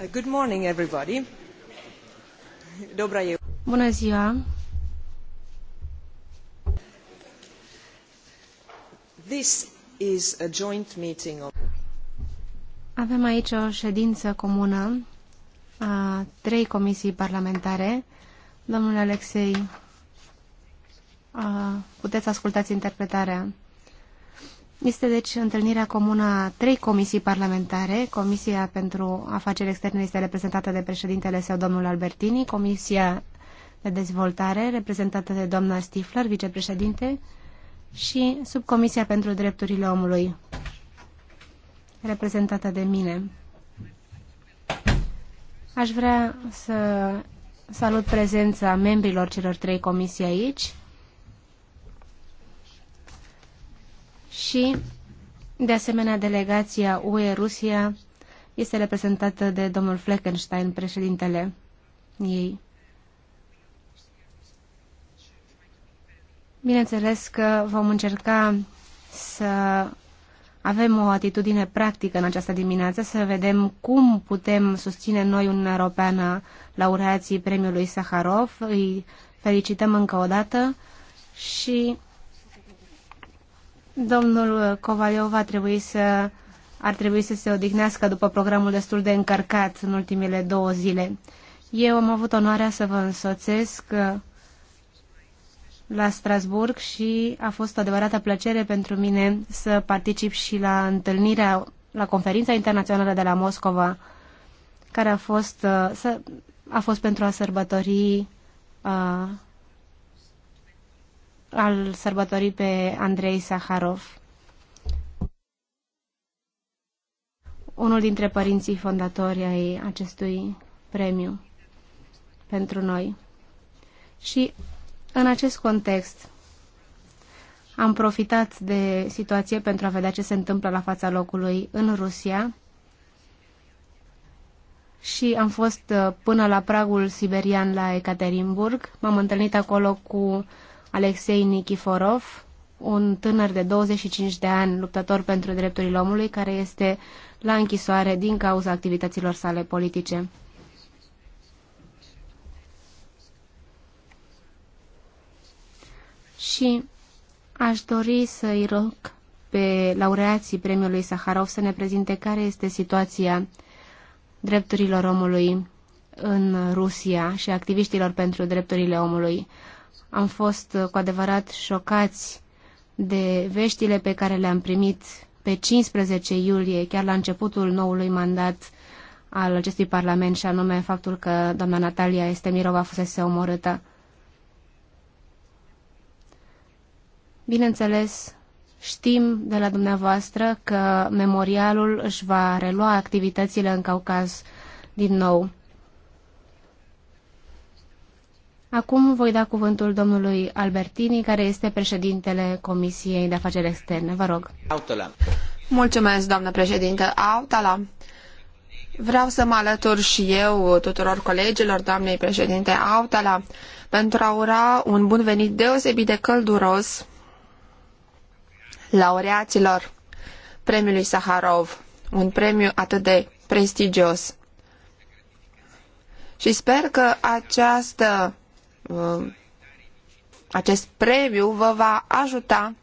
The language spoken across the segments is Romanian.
Uh, Bună ziua. This is a joint meeting of... Avem aici o ședință comună a trei comisii parlamentare. Domnule Alexei, uh, puteți ascultați interpretarea. Este deci întâlnirea comună a trei comisii parlamentare. Comisia pentru afaceri externe este reprezentată de președintele său, domnul Albertini, Comisia de dezvoltare, reprezentată de doamna Stifler, vicepreședinte, și Subcomisia pentru Drepturile Omului, reprezentată de mine. Aș vrea să salut prezența membrilor celor trei comisii aici și, de asemenea, delegația UE-Rusia este reprezentată de domnul Fleckenstein, președintele ei. Bineînțeles că vom încerca să avem o atitudine practică în această dimineață, să vedem cum putem susține noi Uniunea Europeană laureații premiului Saharov. Îi felicităm încă o dată și Domnul Covaleu va trebui să, ar trebui să se odihnească după programul destul de încărcat în ultimele două zile. Eu am avut onoarea să vă însoțesc uh, la Strasburg și a fost o adevărată plăcere pentru mine să particip și la întâlnirea, la conferința internațională de la Moscova, care a fost, uh, a fost pentru a sărbători a, uh, al sărbătorii pe Andrei Saharov, unul dintre părinții fondatori ai acestui premiu pentru noi. Și în acest context am profitat de situație pentru a vedea ce se întâmplă la fața locului în Rusia și am fost uh, până la pragul siberian la Ekaterinburg. M-am întâlnit acolo cu Alexei Nikiforov, un tânăr de 25 de ani, luptător pentru drepturile omului, care este la închisoare din cauza activităților sale politice. Și aș dori să-i rog pe laureații premiului Saharov să ne prezinte care este situația drepturilor omului în Rusia și activiștilor pentru drepturile omului am fost uh, cu adevărat șocați de veștile pe care le-am primit pe 15 iulie, chiar la începutul noului mandat al acestui parlament, și anume faptul că doamna Natalia Estemirova fusese omorâtă. Bineînțeles, știm de la dumneavoastră că memorialul își va relua activitățile în Caucaz din nou. Acum voi da cuvântul domnului Albertini, care este președintele Comisiei de Afaceri Externe. Vă rog. Autala. Mulțumesc, doamnă președintă. Autala. Vreau să mă alătur și eu tuturor colegilor doamnei președinte Autala pentru a ura un bun venit deosebit de călduros laureaților premiului Saharov, un premiu atât de prestigios. Și sper că această Uh, acest premiu vă va ajuta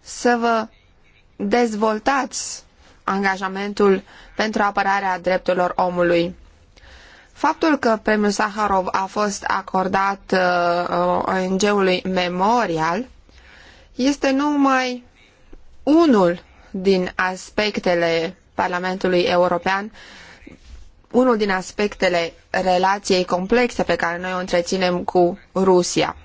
să vă dezvoltați angajamentul pentru apărarea drepturilor omului. Faptul că premiul Saharov a fost acordat uh, ONG-ului Memorial este numai unul din aspectele Parlamentului European uh, unul din aspectele relației complexe pe care noi o întreținem cu Rusia.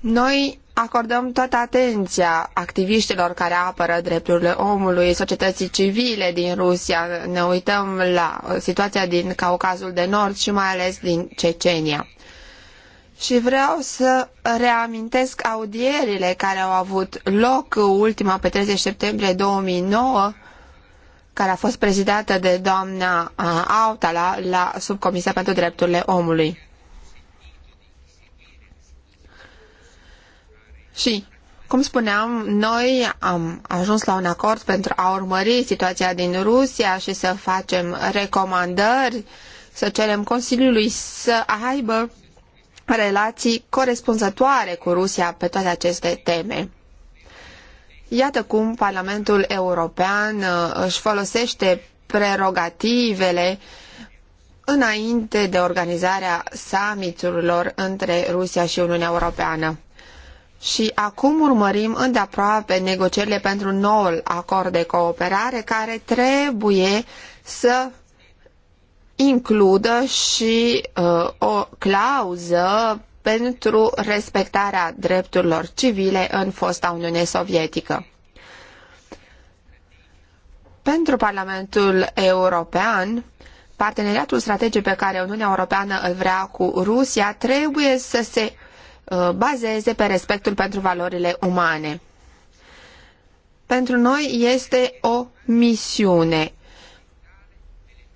Noi acordăm toată atenția activiștilor care apără drepturile omului, societății civile din Rusia, ne uităm la situația din Caucazul de Nord și mai ales din Cecenia. Și vreau să reamintesc audierile care au avut loc ultima pe 30 septembrie 2009 care a fost prezidată de doamna uh, Autala la Subcomisia pentru Drepturile Omului. Și, cum spuneam, noi am ajuns la un acord pentru a urmări situația din Rusia și să facem recomandări, să cerem Consiliului să aibă relații corespunzătoare cu Rusia pe toate aceste teme. Iată cum Parlamentul European uh, își folosește prerogativele înainte de organizarea summiturilor între Rusia și Uniunea Europeană. Și acum urmărim îndeaproape negocierile pentru noul acord de cooperare care trebuie să includă și uh, o clauză pentru respectarea drepturilor civile în fosta Uniune Sovietică. Pentru Parlamentul European, parteneriatul strategic pe care Uniunea Europeană îl vrea cu Rusia trebuie să se uh, bazeze pe respectul pentru valorile umane. Pentru noi este o misiune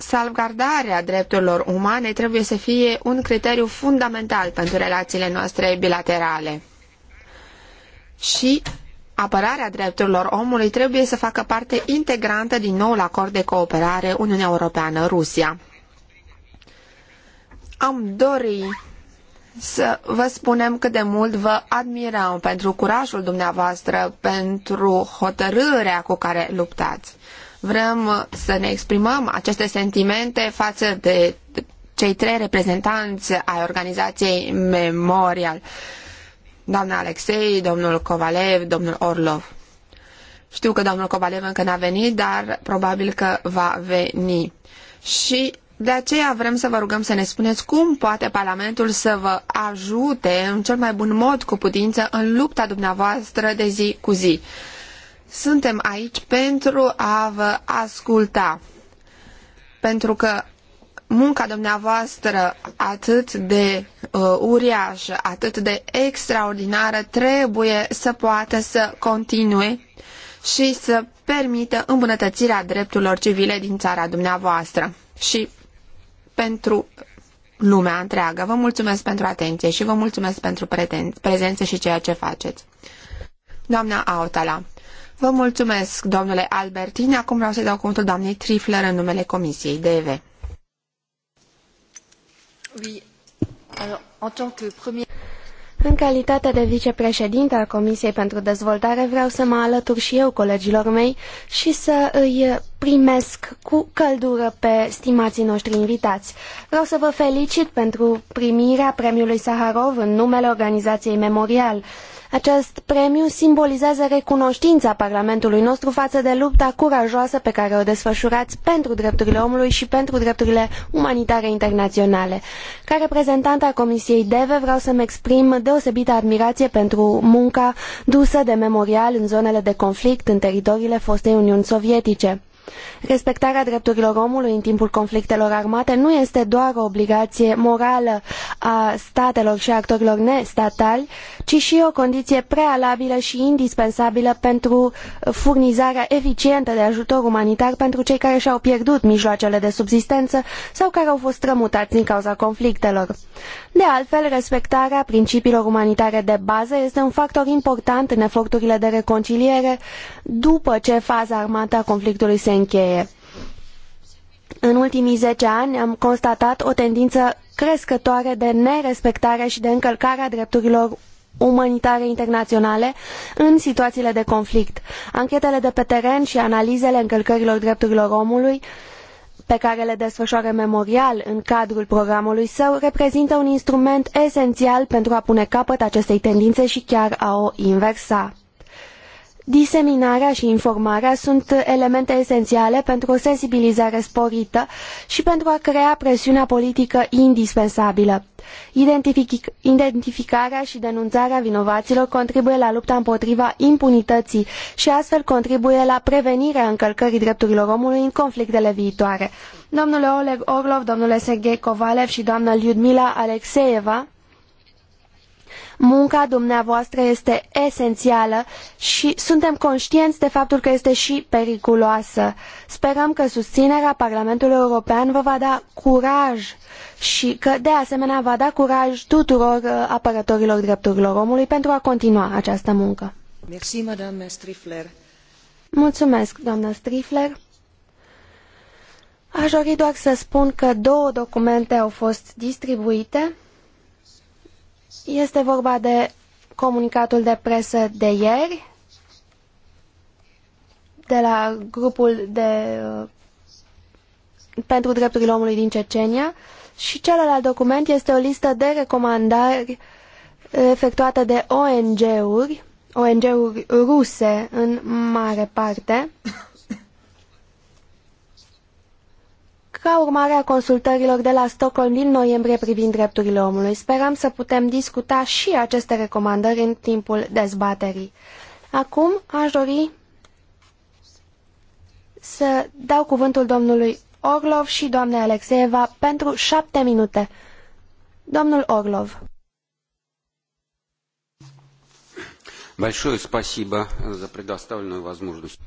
salvgardarea drepturilor umane trebuie să fie un criteriu fundamental pentru relațiile noastre bilaterale. Și apărarea drepturilor omului trebuie să facă parte integrantă din noul acord de cooperare Uniunea Europeană-Rusia. Am dori să vă spunem cât de mult vă admirăm pentru curajul dumneavoastră, pentru hotărârea cu care luptați. Vrem să ne exprimăm aceste sentimente față de cei trei reprezentanți ai organizației Memorial, doamna Alexei, domnul Kovalev, domnul Orlov. Știu că domnul Kovalev încă n-a venit, dar probabil că va veni. Și de aceea vrem să vă rugăm să ne spuneți cum poate Parlamentul să vă ajute în cel mai bun mod cu putință în lupta dumneavoastră de zi cu zi. Suntem aici pentru a vă asculta, pentru că munca dumneavoastră atât de uh, uriașă, atât de extraordinară, trebuie să poată să continue și să permită îmbunătățirea drepturilor civile din țara dumneavoastră și pentru lumea întreagă. Vă mulțumesc pentru atenție și vă mulțumesc pentru prezență și ceea ce faceți. Doamna Autala. Vă mulțumesc, domnule Albertini. Acum vreau să-i dau cuvântul doamnei Trifler în numele Comisiei DV. Oui. În calitate de vicepreședinte al Comisiei pentru Dezvoltare, vreau să mă alătur și eu colegilor mei și să îi primesc cu căldură pe stimații noștri invitați. Vreau să vă felicit pentru primirea premiului Saharov în numele organizației Memorial. Acest premiu simbolizează recunoștința Parlamentului nostru față de lupta curajoasă pe care o desfășurați pentru drepturile omului și pentru drepturile umanitare internaționale. Ca reprezentant a Comisiei DEVE vreau să-mi exprim deosebită admirație pentru munca dusă de memorial în zonele de conflict în teritoriile fostei Uniuni Sovietice. Respectarea drepturilor omului în timpul conflictelor armate nu este doar o obligație morală a statelor și a actorilor nestatali, ci și o condiție prealabilă și indispensabilă pentru furnizarea eficientă de ajutor umanitar pentru cei care și-au pierdut mijloacele de subsistență sau care au fost strămutați din cauza conflictelor. De altfel, respectarea principiilor umanitare de bază este un factor important în eforturile de reconciliere după ce faza armată a conflictului se se încheie. În ultimii zece ani am constatat o tendință crescătoare de nerespectare și de încălcare a drepturilor umanitare internaționale în situațiile de conflict. Anchetele de pe teren și analizele încălcărilor drepturilor omului pe care le desfășoară Memorial în cadrul programului său reprezintă un instrument esențial pentru a pune capăt acestei tendințe și chiar a o inversa. Diseminarea și informarea sunt elemente esențiale pentru o sensibilizare sporită și pentru a crea presiunea politică indispensabilă. Identific identificarea și denunțarea vinovaților contribuie la lupta împotriva impunității și astfel contribuie la prevenirea încălcării drepturilor omului în conflictele viitoare. Domnule Oleg Orlov, domnule Sergei Kovalev și doamna Lyudmila Alexeeva, Munca dumneavoastră este esențială și suntem conștienți de faptul că este și periculoasă. Sperăm că susținerea Parlamentului European vă va da curaj și că de asemenea va da curaj tuturor uh, apărătorilor drepturilor omului pentru a continua această muncă. Mulțumesc, doamna Strifler. Aș dori doar să spun că două documente au fost distribuite este vorba de comunicatul de presă de ieri de la grupul de uh, pentru drepturile omului din Cecenia și celălalt document este o listă de recomandări efectuată de ONG-uri, ONG-uri ruse în mare parte, ca urmare a consultărilor de la Stockholm din noiembrie privind drepturile omului. Sperăm să putem discuta și aceste recomandări în timpul dezbaterii. Acum aș dori să dau cuvântul domnului Orlov și doamnei Alexeeva pentru șapte minute. Domnul Orlov.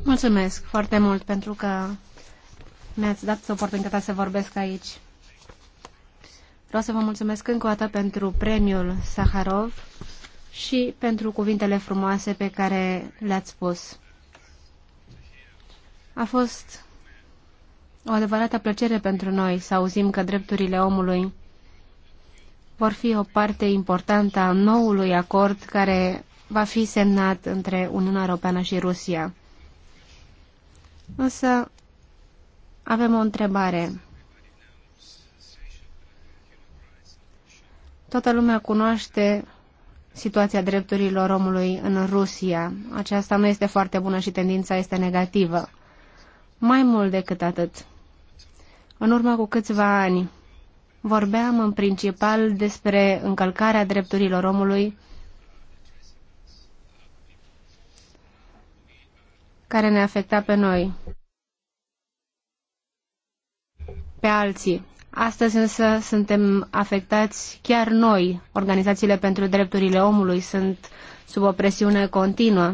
Mulțumesc foarte mult pentru că mi-ați dat oportunitatea să vorbesc aici. Vreau să vă mulțumesc încă o dată pentru premiul Saharov și pentru cuvintele frumoase pe care le-ați spus. A fost o adevărată plăcere pentru noi să auzim că drepturile omului vor fi o parte importantă a noului acord care va fi semnat între Uniunea Europeană și Rusia. Însă avem o întrebare. Toată lumea cunoaște situația drepturilor omului în Rusia. Aceasta nu este foarte bună și tendința este negativă. Mai mult decât atât. În urmă cu câțiva ani, vorbeam în principal despre încălcarea drepturilor omului care ne afecta pe noi pe alții. Astăzi însă suntem afectați chiar noi. Organizațiile pentru drepturile omului sunt sub o presiune continuă.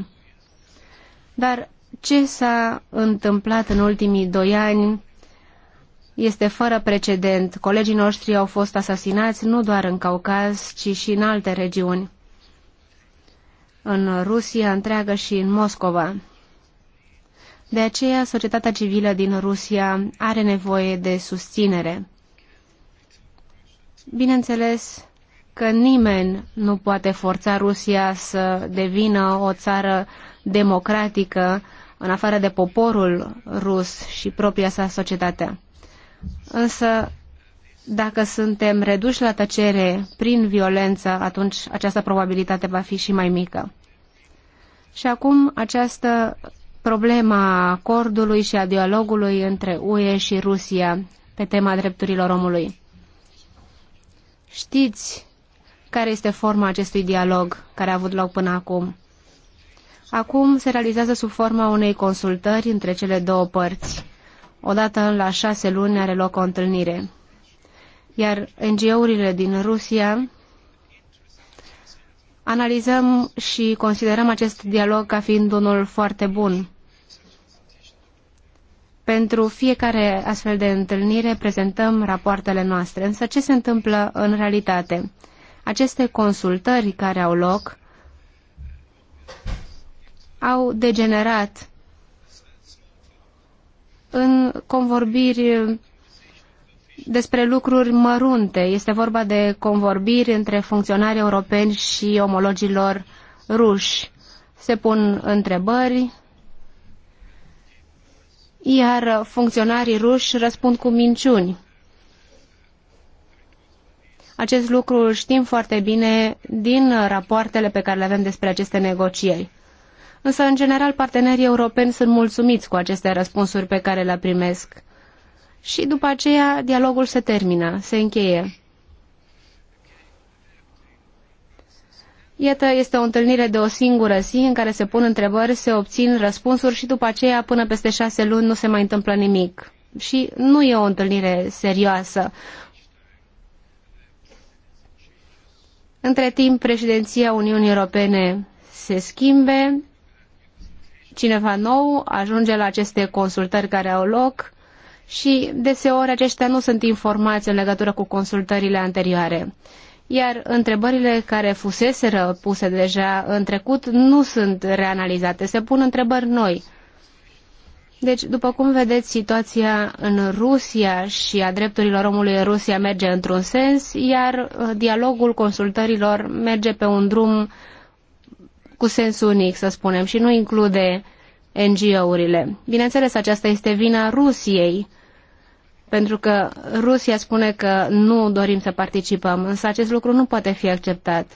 Dar ce s-a întâmplat în ultimii doi ani este fără precedent. Colegii noștri au fost asasinați nu doar în Caucaz, ci și în alte regiuni. În Rusia întreagă și în Moscova. De aceea, societatea civilă din Rusia are nevoie de susținere. Bineînțeles că nimeni nu poate forța Rusia să devină o țară democratică în afară de poporul rus și propria sa societate. Însă, dacă suntem reduși la tăcere prin violență, atunci această probabilitate va fi și mai mică. Și acum această problema acordului și a dialogului între UE și Rusia pe tema drepturilor omului. Știți care este forma acestui dialog care a avut loc până acum. Acum se realizează sub forma unei consultări între cele două părți. Odată la șase luni are loc o întâlnire. Iar NGO-urile din Rusia analizăm și considerăm acest dialog ca fiind unul foarte bun. Pentru fiecare astfel de întâlnire prezentăm rapoartele noastre. Însă ce se întâmplă în realitate? Aceste consultări care au loc au degenerat în convorbiri despre lucruri mărunte. Este vorba de convorbiri între funcționari europeni și omologilor ruși. Se pun întrebări, iar funcționarii ruși răspund cu minciuni. Acest lucru îl știm foarte bine din rapoartele pe care le avem despre aceste negocieri. Însă, în general, partenerii europeni sunt mulțumiți cu aceste răspunsuri pe care le primesc. Și după aceea, dialogul se termină, se încheie. Iată, este o întâlnire de o singură zi în care se pun întrebări, se obțin răspunsuri și după aceea, până peste șase luni, nu se mai întâmplă nimic. Și nu e o întâlnire serioasă. Între timp, președinția Uniunii Europene se schimbe, cineva nou ajunge la aceste consultări care au loc și deseori aceștia nu sunt informați în legătură cu consultările anterioare iar întrebările care fuseseră puse deja în trecut nu sunt reanalizate, se pun întrebări noi. Deci, după cum vedeți, situația în Rusia și a drepturilor omului în Rusia merge într-un sens, iar uh, dialogul consultărilor merge pe un drum cu sens unic, să spunem, și nu include NGO-urile. Bineînțeles, aceasta este vina Rusiei, pentru că Rusia spune că nu dorim să participăm, însă acest lucru nu poate fi acceptat.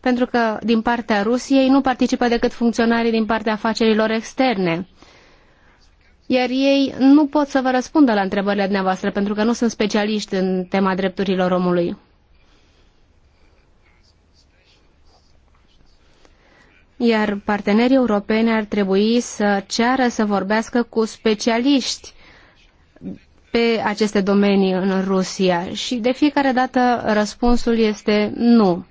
Pentru că din partea Rusiei nu participă decât funcționarii din partea afacerilor externe. Iar ei nu pot să vă răspundă la întrebările dumneavoastră, pentru că nu sunt specialiști în tema drepturilor omului. iar partenerii europeni ar trebui să ceară să vorbească cu specialiști pe aceste domenii în Rusia și de fiecare dată răspunsul este nu.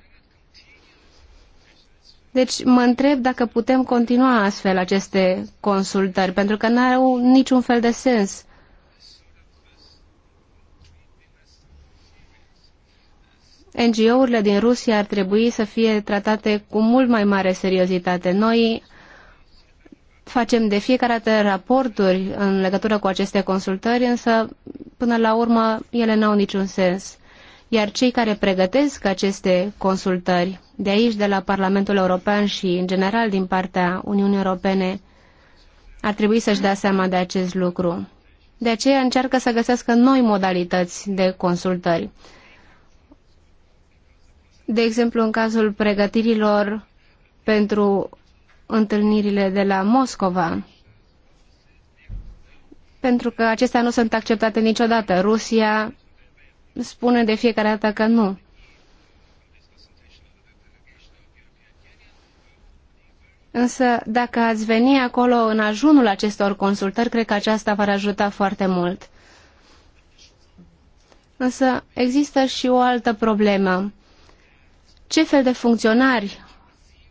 Deci mă întreb dacă putem continua astfel aceste consultări, pentru că nu au niciun fel de sens. NGO-urile din Rusia ar trebui să fie tratate cu mult mai mare seriozitate. Noi facem de fiecare dată raporturi în legătură cu aceste consultări, însă până la urmă ele n-au niciun sens. Iar cei care pregătesc aceste consultări de aici, de la Parlamentul European și în general din partea Uniunii Europene, ar trebui să-și dea seama de acest lucru. De aceea încearcă să găsească noi modalități de consultări de exemplu în cazul pregătirilor pentru întâlnirile de la Moscova, pentru că acestea nu sunt acceptate niciodată. Rusia spune de fiecare dată că nu. Însă, dacă ați veni acolo în ajunul acestor consultări, cred că aceasta v-ar ajuta foarte mult. Însă, există și o altă problemă ce fel de funcționari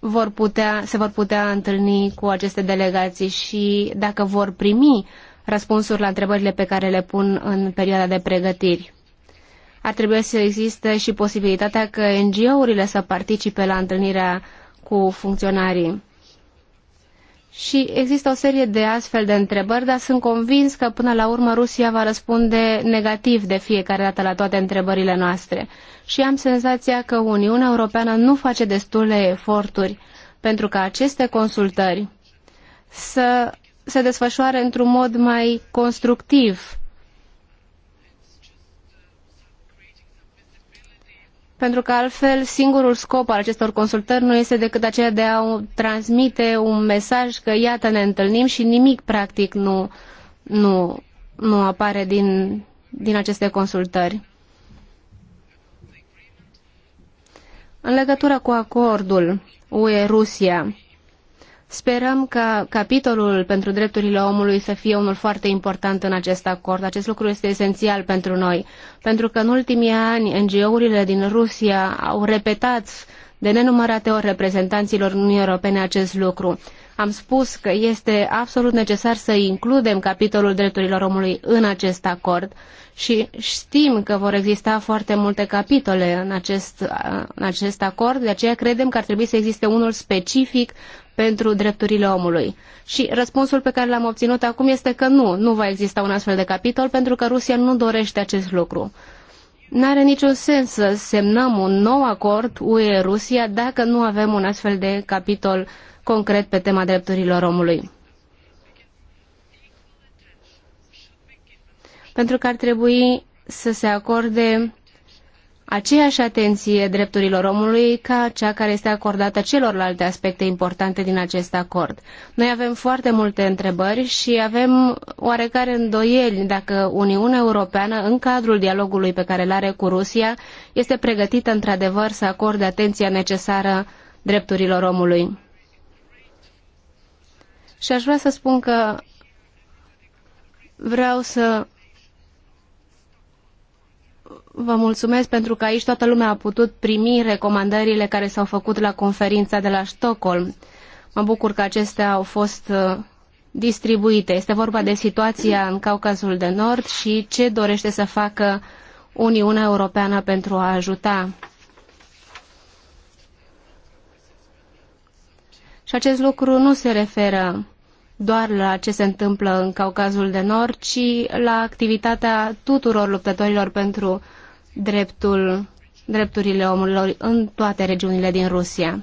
vor putea, se vor putea întâlni cu aceste delegații și dacă vor primi răspunsuri la întrebările pe care le pun în perioada de pregătiri. Ar trebui să existe și posibilitatea că NGO-urile să participe la întâlnirea cu funcționarii. Și există o serie de astfel de întrebări, dar sunt convins că până la urmă Rusia va răspunde negativ de fiecare dată la toate întrebările noastre. Și am senzația că Uniunea Europeană nu face destule eforturi pentru ca aceste consultări să se desfășoare într-un mod mai constructiv pentru că altfel singurul scop al acestor consultări nu este decât aceea de a transmite un mesaj că iată ne întâlnim și nimic practic nu, nu, nu apare din, din aceste consultări. În legătură cu acordul UE-Rusia, Sperăm ca capitolul pentru drepturile omului să fie unul foarte important în acest acord. Acest lucru este esențial pentru noi, pentru că în ultimii ani NGO-urile din Rusia au repetat de nenumărate ori reprezentanților Uniunii Europene acest lucru. Am spus că este absolut necesar să includem capitolul drepturilor omului în acest acord și știm că vor exista foarte multe capitole în acest, în acest acord, de aceea credem că ar trebui să existe unul specific pentru drepturile omului. Și răspunsul pe care l-am obținut acum este că nu, nu va exista un astfel de capitol pentru că Rusia nu dorește acest lucru. N-are niciun sens să semnăm un nou acord UE-Rusia dacă nu avem un astfel de capitol concret pe tema drepturilor omului. Pentru că ar trebui să se acorde aceeași atenție drepturilor omului ca cea care este acordată celorlalte aspecte importante din acest acord. Noi avem foarte multe întrebări și avem oarecare îndoieli dacă Uniunea Europeană, în cadrul dialogului pe care îl are cu Rusia, este pregătită într-adevăr să acorde atenția necesară drepturilor omului. Și aș vrea să spun că vreau să Vă mulțumesc pentru că aici toată lumea a putut primi recomandările care s-au făcut la conferința de la Stockholm. Mă bucur că acestea au fost uh, distribuite. Este vorba de situația în Caucazul de Nord și ce dorește să facă Uniunea Europeană pentru a ajuta. Și acest lucru nu se referă doar la ce se întâmplă în Caucazul de Nord, ci la activitatea tuturor luptătorilor pentru dreptul, drepturile omului în toate regiunile din Rusia.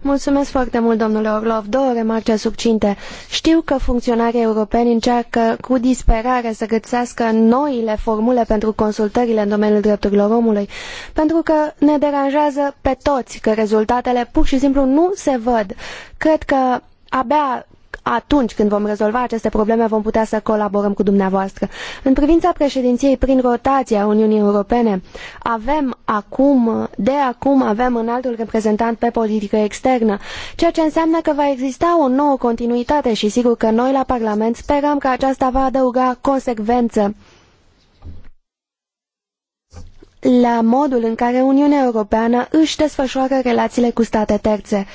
Mulțumesc foarte mult, domnule Orlov. Două remarce subcinte. Știu că funcționarii europeni încearcă cu disperare să găsească noile formule pentru consultările în domeniul drepturilor omului, pentru că ne deranjează pe toți că rezultatele pur și simplu nu se văd. Cred că abia atunci când vom rezolva aceste probleme, vom putea să colaborăm cu dumneavoastră. În privința președinției prin rotație a Uniunii Europene, avem acum, de acum avem înaltul altul reprezentant pe politică externă, ceea ce înseamnă că va exista o nouă continuitate și sigur că noi la Parlament sperăm că aceasta va adăuga consecvență la modul în care Uniunea Europeană își desfășoară relațiile cu state terțe.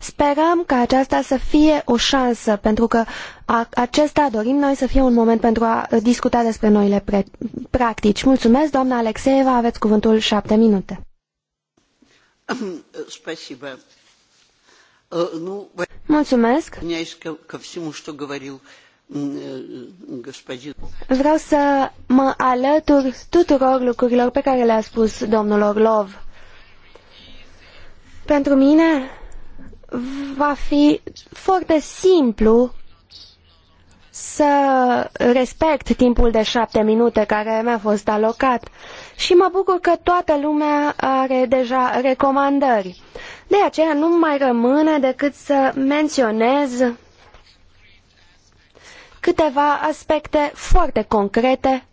Sperăm ca aceasta să fie o șansă, pentru că acesta dorim noi să fie un moment pentru a uh, discuta despre noile practici. Mulțumesc, doamna Alexeeva, aveți cuvântul șapte minute. Э, Mulțumesc. Э, Vreau să mă alătur tuturor lucrurilor pe care le-a spus domnul Orlov. Pentru mine, va fi foarte simplu să respect timpul de șapte minute care mi-a fost alocat și mă bucur că toată lumea are deja recomandări. De aceea nu mai rămâne decât să menționez câteva aspecte foarte concrete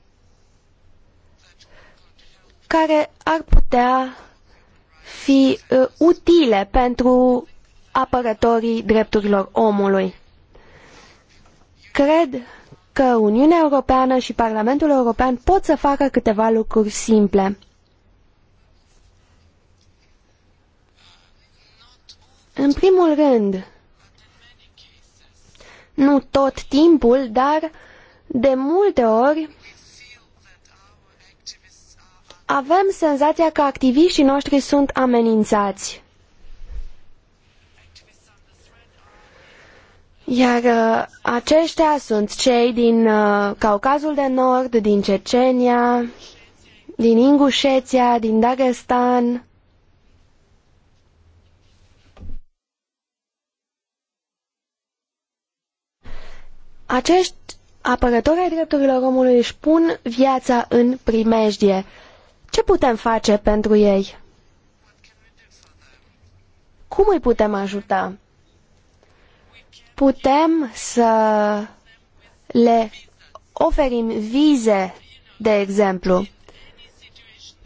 care ar putea fi uh, utile pentru apărătorii drepturilor omului. Cred că Uniunea Europeană și Parlamentul European pot să facă câteva lucruri simple. În primul rând, nu tot timpul, dar de multe ori avem senzația că activiștii noștri sunt amenințați. Iar uh, aceștia sunt cei din uh, Caucazul de Nord, din Cecenia, din Ingușeția, din Dagestan. Acești apărători ai drepturilor omului își pun viața în primejdie. Ce putem face pentru ei? Cum îi putem ajuta? putem să le oferim vize, de exemplu,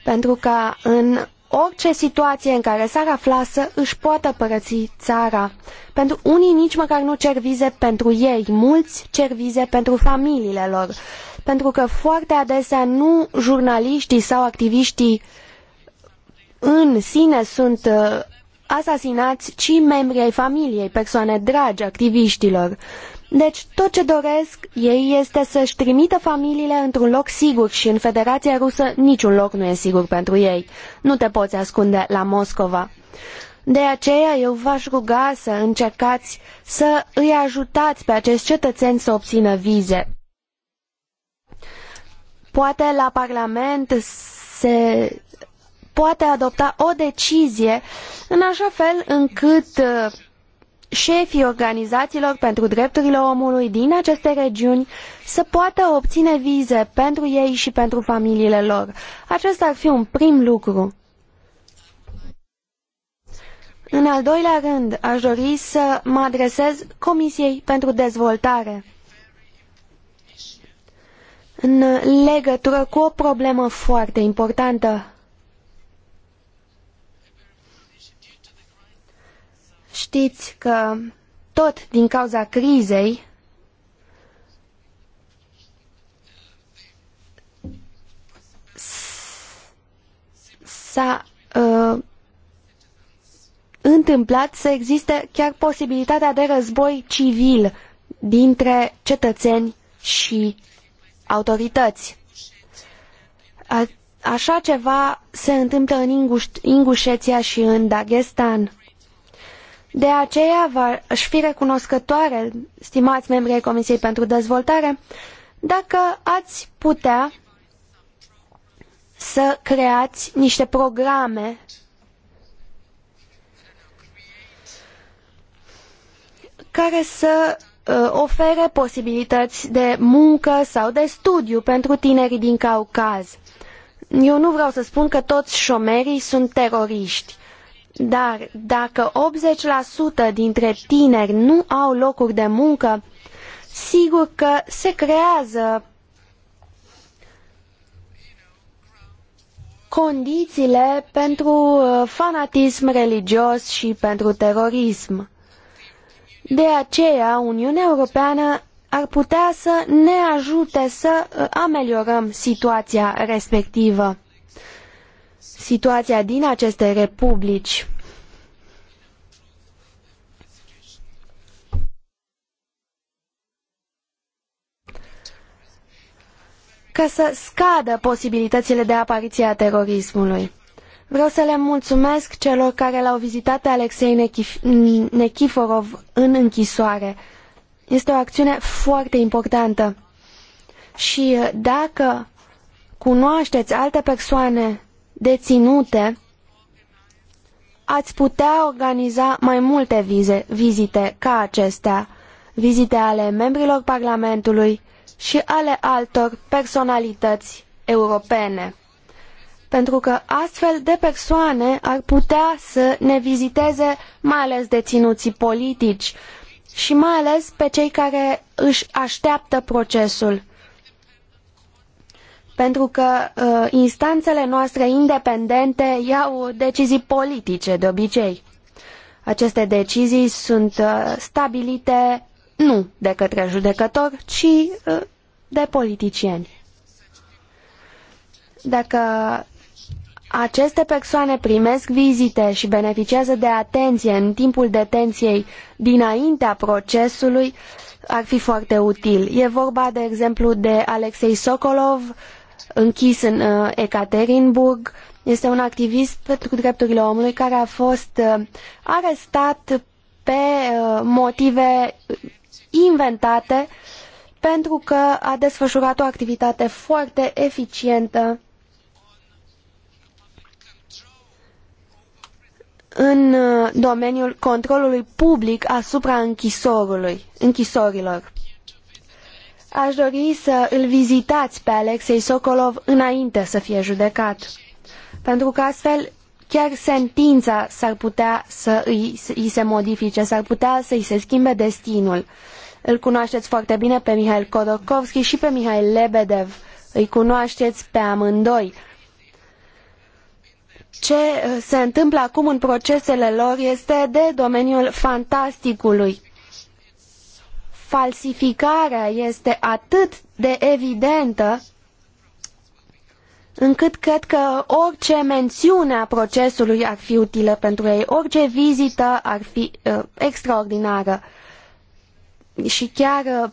pentru ca în orice situație în care s-ar afla să își poată părăsi țara. Pentru unii nici măcar nu cer vize pentru ei, mulți cer vize pentru familiile lor, pentru că foarte adesea nu jurnaliștii sau activiștii în sine sunt uh, asasinați, ci membri ai familiei, persoane dragi activiștilor. Deci tot ce doresc ei este să-și trimită familiile într-un loc sigur și în Federația Rusă niciun loc nu e sigur pentru ei. Nu te poți ascunde la Moscova. De aceea eu v-aș ruga să încercați să îi ajutați pe acești cetățeni să obțină vize. Poate la Parlament se poate adopta o decizie în așa fel încât uh, șefii organizațiilor pentru drepturile omului din aceste regiuni să poată obține vize pentru ei și pentru familiile lor. Acesta ar fi un prim lucru. În al doilea rând, aș dori să mă adresez Comisiei pentru Dezvoltare în legătură cu o problemă foarte importantă. știți că tot din cauza crizei s-a uh, întâmplat să existe chiar posibilitatea de război civil dintre cetățeni și autorități. A, așa ceva se întâmplă în Inguș Ingușeția și în Dagestan. De aceea aș fi recunoscătoare, stimați membri ai Comisiei pentru Dezvoltare, dacă ați putea să creați niște programe care să ă, ofere posibilități de muncă sau de studiu pentru tinerii din Caucaz. Eu nu vreau să spun că toți șomerii sunt teroriști dar dacă 80% dintre tineri nu au locuri de muncă, sigur că se creează condițiile pentru uh, fanatism religios și pentru terorism. De aceea, Uniunea Europeană ar putea să ne ajute să uh, ameliorăm situația respectivă situația din aceste republici. ca să scadă posibilitățile de apariție a terorismului. Vreau să le mulțumesc celor care l-au vizitat pe Alexei Nechif Nechiforov în închisoare. Este o acțiune foarte importantă. Și dacă cunoașteți alte persoane deținute, ați putea organiza mai multe vize, vizite ca acestea, vizite ale membrilor Parlamentului și ale altor personalități europene. Pentru că astfel de persoane ar putea să ne viziteze mai ales deținuții politici și mai ales pe cei care își așteaptă procesul pentru că uh, instanțele noastre independente iau decizii politice de obicei. Aceste decizii sunt uh, stabilite nu de către judecător, ci uh, de politicieni. Dacă aceste persoane primesc vizite și beneficiază de atenție în timpul detenției dinaintea procesului, ar fi foarte util. E vorba, de exemplu, de Alexei Sokolov, închis în uh, Ecaterinburg. Este un activist pentru drepturile omului care a fost uh, arestat pe uh, motive inventate pentru că a desfășurat o activitate foarte eficientă în domeniul controlului public asupra închisorului, închisorilor. Aș dori să îl vizitați pe Alexei Sokolov înainte să fie judecat, pentru că astfel chiar sentința s-ar putea să îi, îi se modifice, s-ar putea să îi se schimbe destinul. Îl cunoașteți foarte bine pe Mihail Khodorkovski și pe Mihail Lebedev. Îi cunoașteți pe amândoi. Ce se întâmplă acum în procesele lor este de domeniul fantasticului falsificarea este atât de evidentă încât cred că orice mențiune a procesului ar fi utilă pentru ei, orice vizită ar fi uh, extraordinară și chiar uh,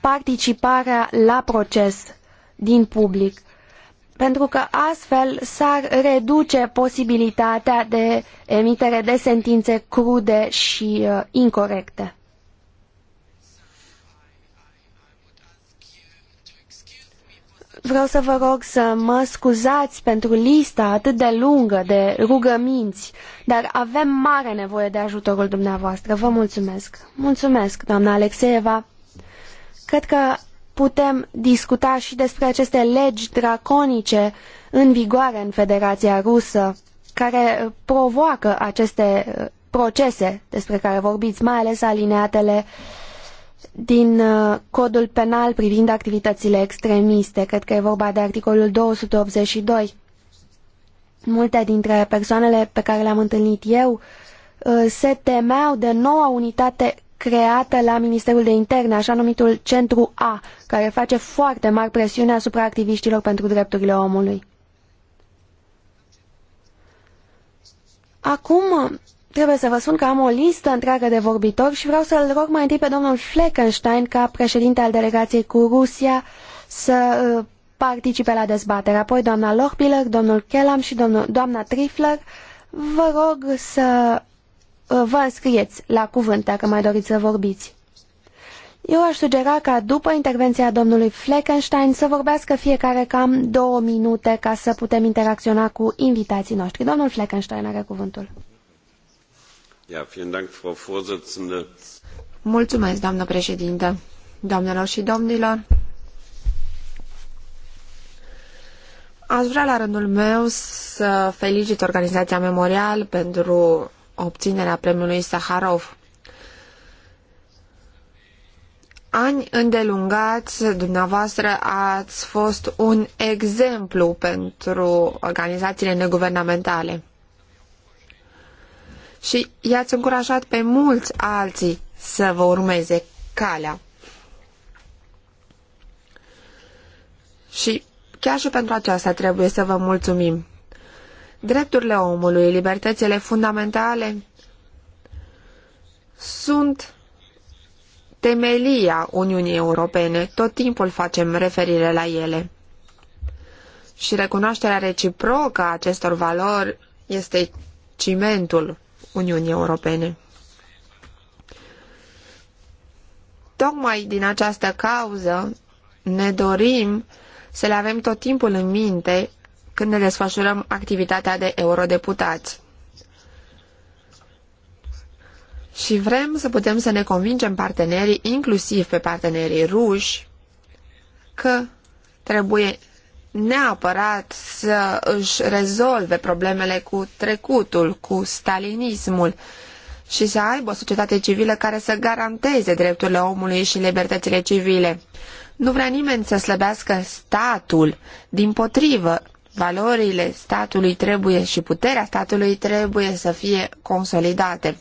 participarea la proces din public. Pentru că astfel s-ar reduce posibilitatea de emitere de sentințe crude și uh, incorrecte. Vreau să vă rog să mă scuzați pentru lista atât de lungă de rugăminți, dar avem mare nevoie de ajutorul dumneavoastră. Vă mulțumesc. Mulțumesc, doamna Alexeeva. Cred că putem discuta și despre aceste legi draconice în vigoare în Federația Rusă, care provoacă aceste uh, procese despre care vorbiți, mai ales alineatele uh, din uh, codul penal privind activitățile extremiste. Cred că e vorba de articolul 282. Multe dintre persoanele pe care le-am întâlnit eu uh, se temeau de noua unitate creată la Ministerul de Interne, așa numitul Centru A, care face foarte mari presiune asupra activiștilor pentru drepturile omului. Acum, Trebuie să vă spun că am o listă întreagă de vorbitori și vreau să-l rog mai întâi pe domnul Fleckenstein, ca președinte al delegației cu Rusia, să uh, participe la dezbatere. Apoi doamna Lochbiller, domnul Kellam și domnul, doamna Trifler. Vă rog să uh, vă înscrieți la cuvânt dacă mai doriți să vorbiți. Eu aș sugera ca după intervenția domnului Fleckenstein să vorbească fiecare cam două minute ca să putem interacționa cu invitații noștri. Domnul Fleckenstein are cuvântul. Mulțumesc, doamnă președinte. Doamnelor și domnilor, aș vrea la rândul meu să felicit organizația Memorial pentru obținerea premiului Saharov. Ani îndelungați, dumneavoastră ați fost un exemplu pentru organizațiile neguvernamentale și i-ați încurajat pe mulți alții să vă urmeze calea. Și chiar și pentru aceasta trebuie să vă mulțumim. Drepturile omului, libertățile fundamentale sunt temelia Uniunii Europene, tot timpul facem referire la ele. Și recunoașterea reciprocă a acestor valori este cimentul Uniunii Europene. Tocmai din această cauză ne dorim să le avem tot timpul în minte când ne desfășurăm activitatea de eurodeputați. Și vrem să putem să ne convingem partenerii, inclusiv pe partenerii ruși, că trebuie neapărat să își rezolve problemele cu trecutul, cu stalinismul și să aibă o societate civilă care să garanteze drepturile omului și libertățile civile. Nu vrea nimeni să slăbească statul, din potrivă, valorile statului trebuie și puterea statului trebuie să fie consolidate.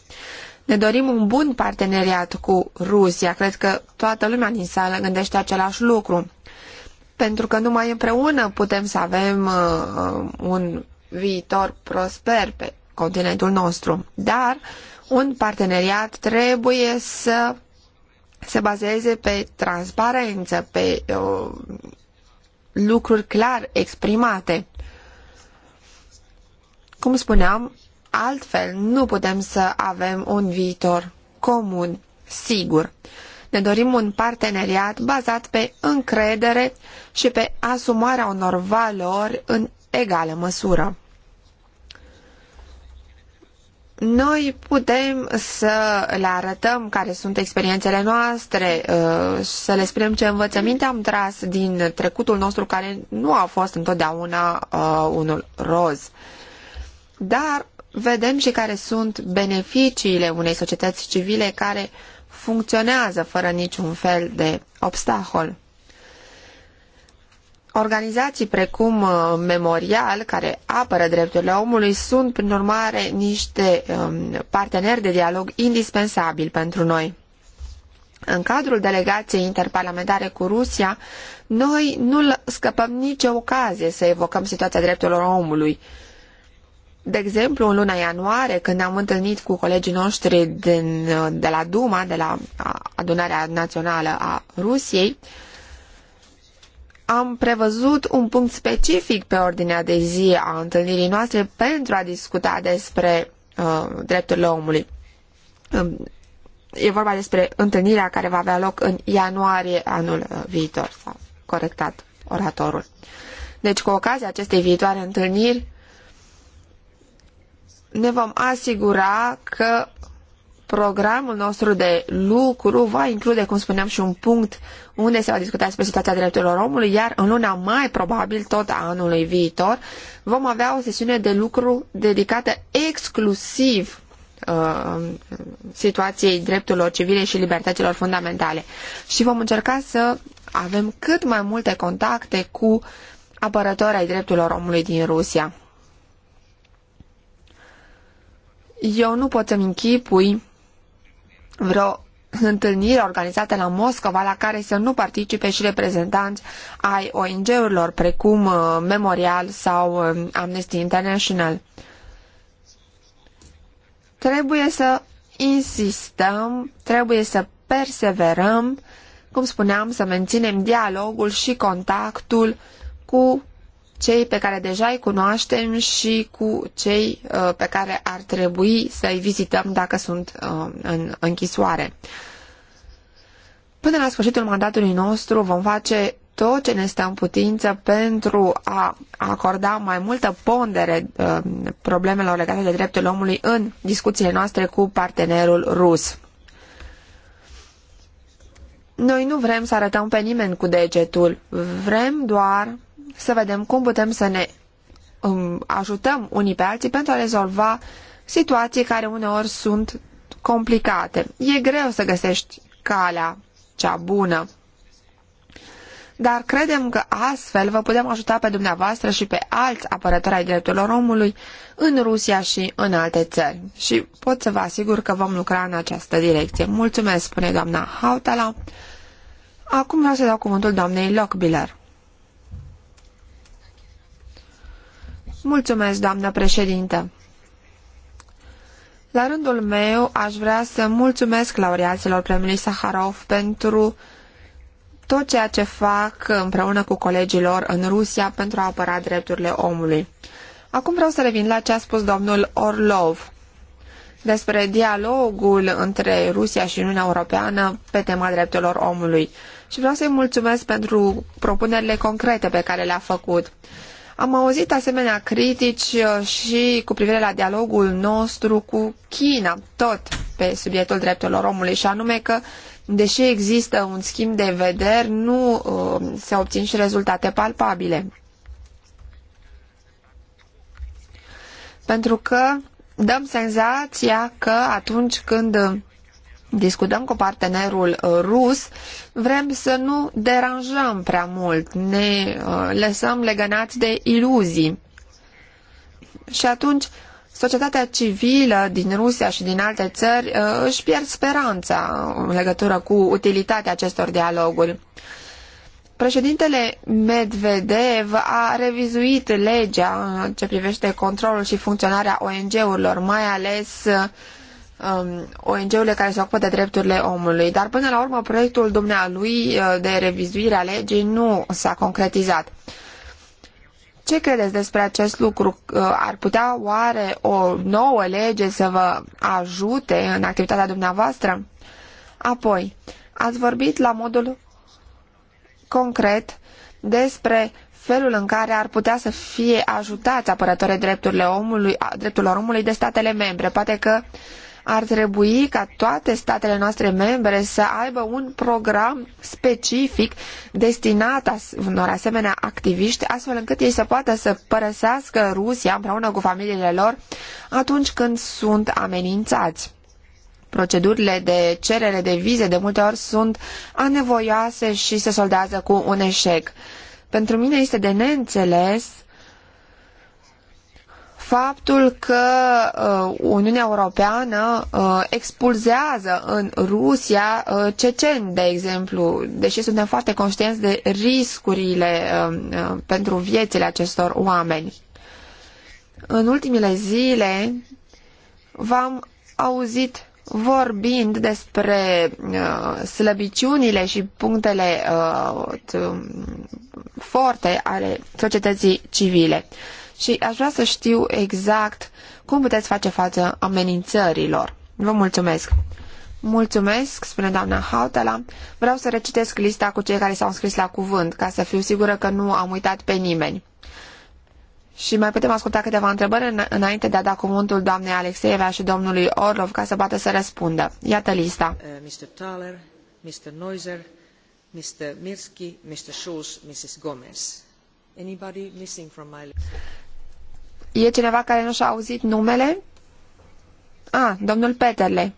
Ne dorim un bun parteneriat cu Rusia. Cred că toată lumea din sală gândește același lucru pentru că numai împreună putem să avem uh, uh, un viitor prosper pe continentul nostru. Dar un parteneriat trebuie să se bazeze pe transparență, pe uh, lucruri clar exprimate. Cum spuneam, altfel nu putem să avem un viitor comun, sigur. Uh, ne dorim un parteneriat bazat pe încredere și pe asumarea unor valori în egală măsură. Noi putem să le arătăm care sunt experiențele noastre, uh, să le spunem ce învățăminte am tras din trecutul nostru care nu a fost întotdeauna uh, unul roz. Dar vedem și care sunt beneficiile unei societăți civile care funcționează fără niciun fel de obstacol. Organizații precum uh, Memorial, care apără drepturile omului, sunt, prin urmare, niște um, parteneri de dialog indispensabili pentru noi. În cadrul delegației interparlamentare cu Rusia, noi nu scăpăm nicio ocazie să evocăm situația drepturilor omului de exemplu, în luna ianuarie, când am întâlnit cu colegii noștri din, de la Duma, de la Adunarea Națională a Rusiei, am prevăzut un punct specific pe ordinea de zi a întâlnirii noastre pentru a discuta despre uh, drepturile omului. Um, e vorba despre întâlnirea care va avea loc în ianuarie anul uh, viitor, s-a corectat oratorul. Deci, cu ocazia acestei viitoare întâlniri, ne vom asigura că programul nostru de lucru va include, cum spuneam, și un punct unde se va discuta despre situația drepturilor omului, iar în luna mai probabil, tot anului viitor, vom avea o sesiune de lucru dedicată exclusiv uh, situației drepturilor civile și libertăților fundamentale. Și vom încerca să avem cât mai multe contacte cu apărători ai drepturilor omului din Rusia. Eu nu pot să-mi închipui vreo întâlnire organizată la Moscova la care să nu participe și reprezentanți ai ONG-urilor precum uh, Memorial sau uh, Amnesty International. Trebuie să insistăm, trebuie să perseverăm, cum spuneam, să menținem dialogul și contactul cu cei pe care deja îi cunoaștem și cu cei uh, pe care ar trebui să îi vizităm dacă sunt uh, în închisoare. Până la sfârșitul mandatului nostru vom face tot ce ne stă în putință pentru a acorda mai multă pondere uh, problemelor legate de drepturile omului în discuțiile noastre cu partenerul rus. Noi nu vrem să arătăm pe nimeni cu degetul, vrem doar să vedem cum putem să ne um, ajutăm unii pe alții pentru a rezolva situații care uneori sunt complicate. E greu să găsești calea cea bună. Dar credem că astfel vă putem ajuta pe dumneavoastră și pe alți apărători ai drepturilor omului în Rusia și în alte țări. Și pot să vă asigur că vom lucra în această direcție. Mulțumesc, spune doamna Hautala. Acum vreau să dau cuvântul doamnei Lockbiller. Mulțumesc, doamnă președintă. La rândul meu, aș vrea să mulțumesc laureaților premiului Saharov pentru tot ceea ce fac împreună cu colegii lor în Rusia pentru a apăra drepturile omului. Acum vreau să revin la ce a spus domnul Orlov despre dialogul între Rusia și Uniunea Europeană pe tema drepturilor omului. Și vreau să-i mulțumesc pentru propunerile concrete pe care le-a făcut. Am auzit asemenea critici uh, și cu privire la dialogul nostru cu China, tot pe subiectul drepturilor omului, și anume că, deși există un schimb de vederi, nu uh, se obțin și rezultate palpabile. Pentru că dăm senzația că atunci când discutăm cu partenerul uh, rus, vrem să nu deranjăm prea mult, ne uh, lăsăm legănați de iluzii. Și atunci, societatea civilă din Rusia și din alte țări uh, își pierd speranța în legătură cu utilitatea acestor dialoguri. Președintele Medvedev a revizuit legea ce privește controlul și funcționarea ONG-urilor, mai ales um, ONG-urile care se ocupă de drepturile omului, dar până la urmă proiectul dumnealui uh, de revizuire a legii nu s-a concretizat. Ce credeți despre acest lucru? Uh, ar putea oare o nouă lege să vă ajute în activitatea dumneavoastră? Apoi, ați vorbit la modul concret despre felul în care ar putea să fie ajutați apărătorii drepturilor omului, drepturilor omului de statele membre. Poate că ar trebui ca toate statele noastre membre să aibă un program specific destinat unor asemenea activiști, astfel încât ei să poată să părăsească Rusia împreună cu familiile lor atunci când sunt amenințați. Procedurile de cerere de vize de multe ori sunt anevoioase și se soldează cu un eșec. Pentru mine este de neînțeles faptul că uh, Uniunea Europeană uh, expulzează în Rusia uh, ceceni, de exemplu, deși suntem foarte conștienți de riscurile um, pentru viețile acestor oameni. În ultimile zile v-am auzit vorbind despre uh, slăbiciunile și punctele uh, forte ale societății civile și aș vrea să știu exact cum puteți face față amenințărilor. Vă mulțumesc! Mulțumesc, spune doamna Hautala. Vreau să recitesc lista cu cei care s-au înscris la cuvânt, ca să fiu sigură că nu am uitat pe nimeni. Și mai putem asculta câteva întrebări înainte de a da cuvântul doamnei Alexeeva și domnului Orlov ca să poată să răspundă. Iată lista. Uh, Mr. Thaler, Mr. Neuser, Mr. Mirsky, Mr. Schulz, Mrs. Gomez. Anybody missing from my list? E cineva care nu și-a auzit numele? A, domnul Peterle.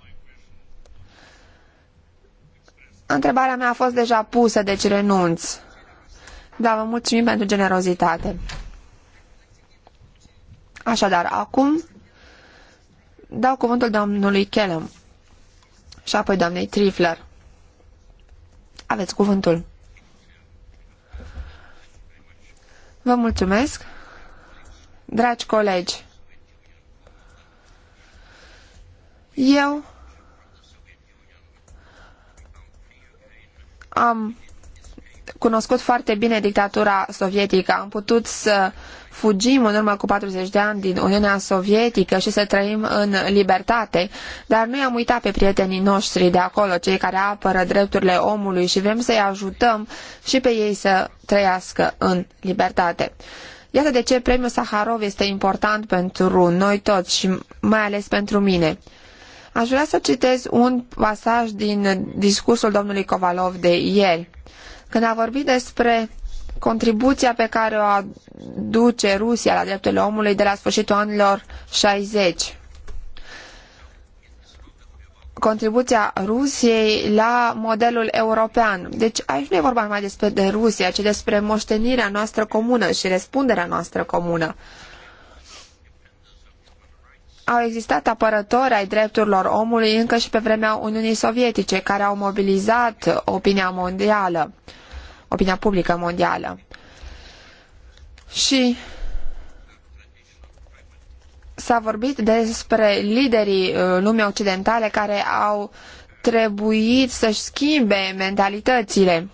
Întrebarea mea a fost deja pusă, deci renunț. Dar vă mulțumim pentru generozitate. Așadar, acum dau cuvântul domnului Kellum și apoi doamnei Trifler. Aveți cuvântul. Vă mulțumesc. Dragi colegi, eu am cunoscut foarte bine dictatura sovietică. Am putut să fugim în urmă cu 40 de ani din Uniunea Sovietică și să trăim în libertate, dar nu i-am uitat pe prietenii noștri de acolo, cei care apără drepturile omului și vrem să-i ajutăm și pe ei să trăiască în libertate. Iată de ce premiul Saharov este important pentru noi toți și mai ales pentru mine. Aș vrea să citez un pasaj din discursul domnului Kovalov de ieri, când a vorbit despre contribuția pe care o aduce Rusia la drepturile omului de la sfârșitul anilor 60 contribuția Rusiei la modelul european. Deci aici nu e vorba numai despre de Rusia, ci despre moștenirea noastră comună și răspunderea noastră comună. Au existat apărători ai drepturilor omului încă și pe vremea Uniunii Sovietice, care au mobilizat opinia mondială, opinia publică mondială. Și S-a vorbit despre liderii uh, lumii occidentale care au trebuit să-și schimbe mentalitățile.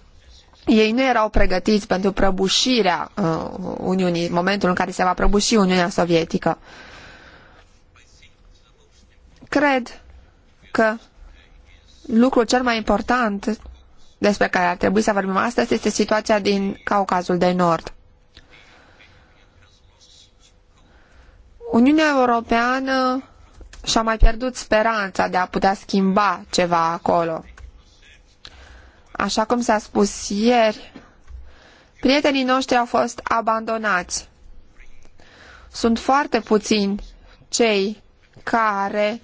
Ei nu erau pregătiți pentru prăbușirea uh, Uniunii, momentul în care se va prăbuși Uniunea Sovietică. Cred că lucrul cel mai important despre care ar trebui să vorbim astăzi este situația din Caucazul de Nord. Uniunea Europeană și-a mai pierdut speranța de a putea schimba ceva acolo. Așa cum s-a spus ieri, prietenii noștri au fost abandonați. Sunt foarte puțini cei care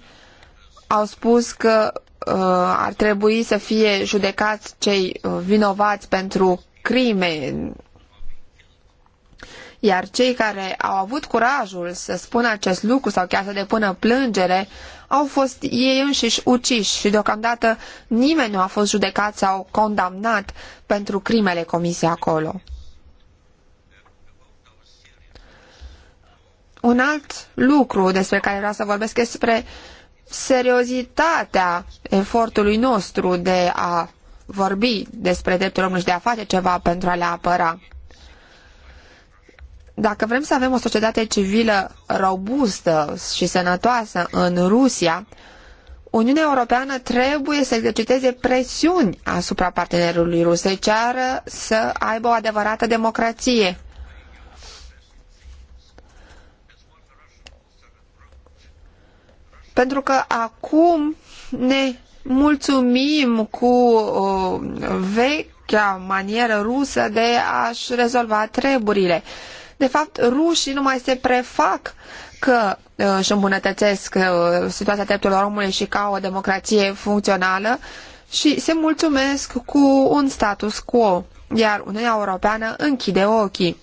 au spus că uh, ar trebui să fie judecați cei uh, vinovați pentru crime iar cei care au avut curajul să spună acest lucru sau chiar să depună plângere au fost ei înșiși uciși și deocamdată nimeni nu a fost judecat sau condamnat pentru crimele comise acolo. Un alt lucru despre care vreau să vorbesc este despre seriozitatea efortului nostru de a vorbi despre dreptul omului și de a face ceva pentru a le apăra dacă vrem să avem o societate civilă robustă și sănătoasă în Rusia, Uniunea Europeană trebuie să exerciteze presiuni asupra partenerului rus, să ceară să aibă o adevărată democrație. Pentru că acum ne mulțumim cu uh, vechea manieră rusă de a-și rezolva treburile de fapt, rușii nu mai se prefac că uh, își îmbunătățesc uh, situația drepturilor omului și ca o democrație funcțională și se mulțumesc cu un status quo, iar Uniunea Europeană închide ochii.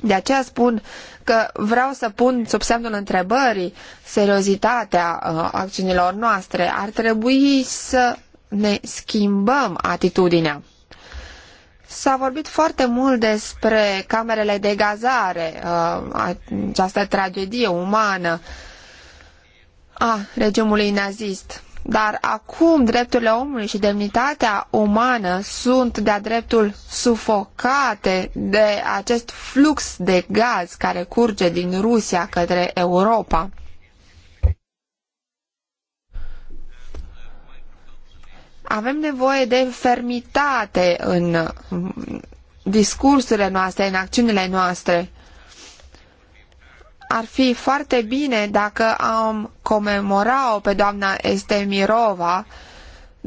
De aceea spun că vreau să pun sub semnul întrebării seriozitatea uh, acțiunilor noastre. Ar trebui să ne schimbăm atitudinea. S-a vorbit foarte mult despre camerele de gazare, uh, această tragedie umană a regimului nazist. Dar acum drepturile omului și demnitatea umană sunt de-a dreptul sufocate de acest flux de gaz care curge din Rusia către Europa. Avem nevoie de fermitate în discursurile noastre, în acțiunile noastre. Ar fi foarte bine dacă am comemora-o pe doamna Estemirova,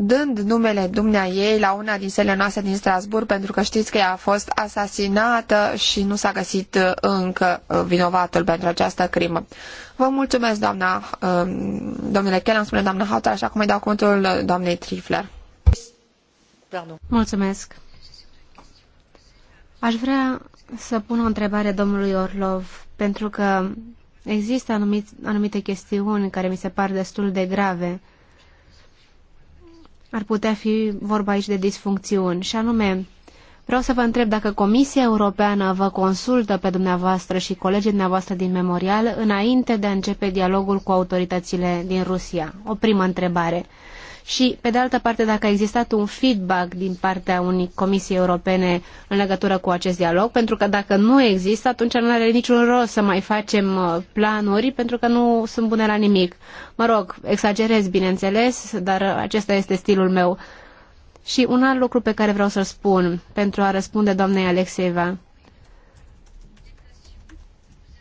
dând numele dumnea ei la una din cele noastre din Strasburg, pentru că știți că ea a fost asasinată și nu s-a găsit uh, încă uh, vinovatul pentru această crimă. Vă mulțumesc, doamna, uh, domnule Kellam, spune doamna Hautar, și acum îi dau cuvântul doamnei Trifler. Mulțumesc. Aș vrea să pun o întrebare domnului Orlov, pentru că există anumite, anumite chestiuni care mi se par destul de grave ar putea fi vorba aici de disfuncțiuni și anume vreau să vă întreb dacă Comisia Europeană vă consultă pe dumneavoastră și colegii dumneavoastră din memorial înainte de a începe dialogul cu autoritățile din Rusia. O primă întrebare. Și, pe de altă parte, dacă a existat un feedback din partea unei Comisii Europene în legătură cu acest dialog, pentru că dacă nu există, atunci nu are niciun rost să mai facem uh, planuri, pentru că nu sunt bune la nimic. Mă rog, exagerez, bineînțeles, dar acesta este stilul meu. Și un alt lucru pe care vreau să-l spun pentru a răspunde doamnei Alexeva.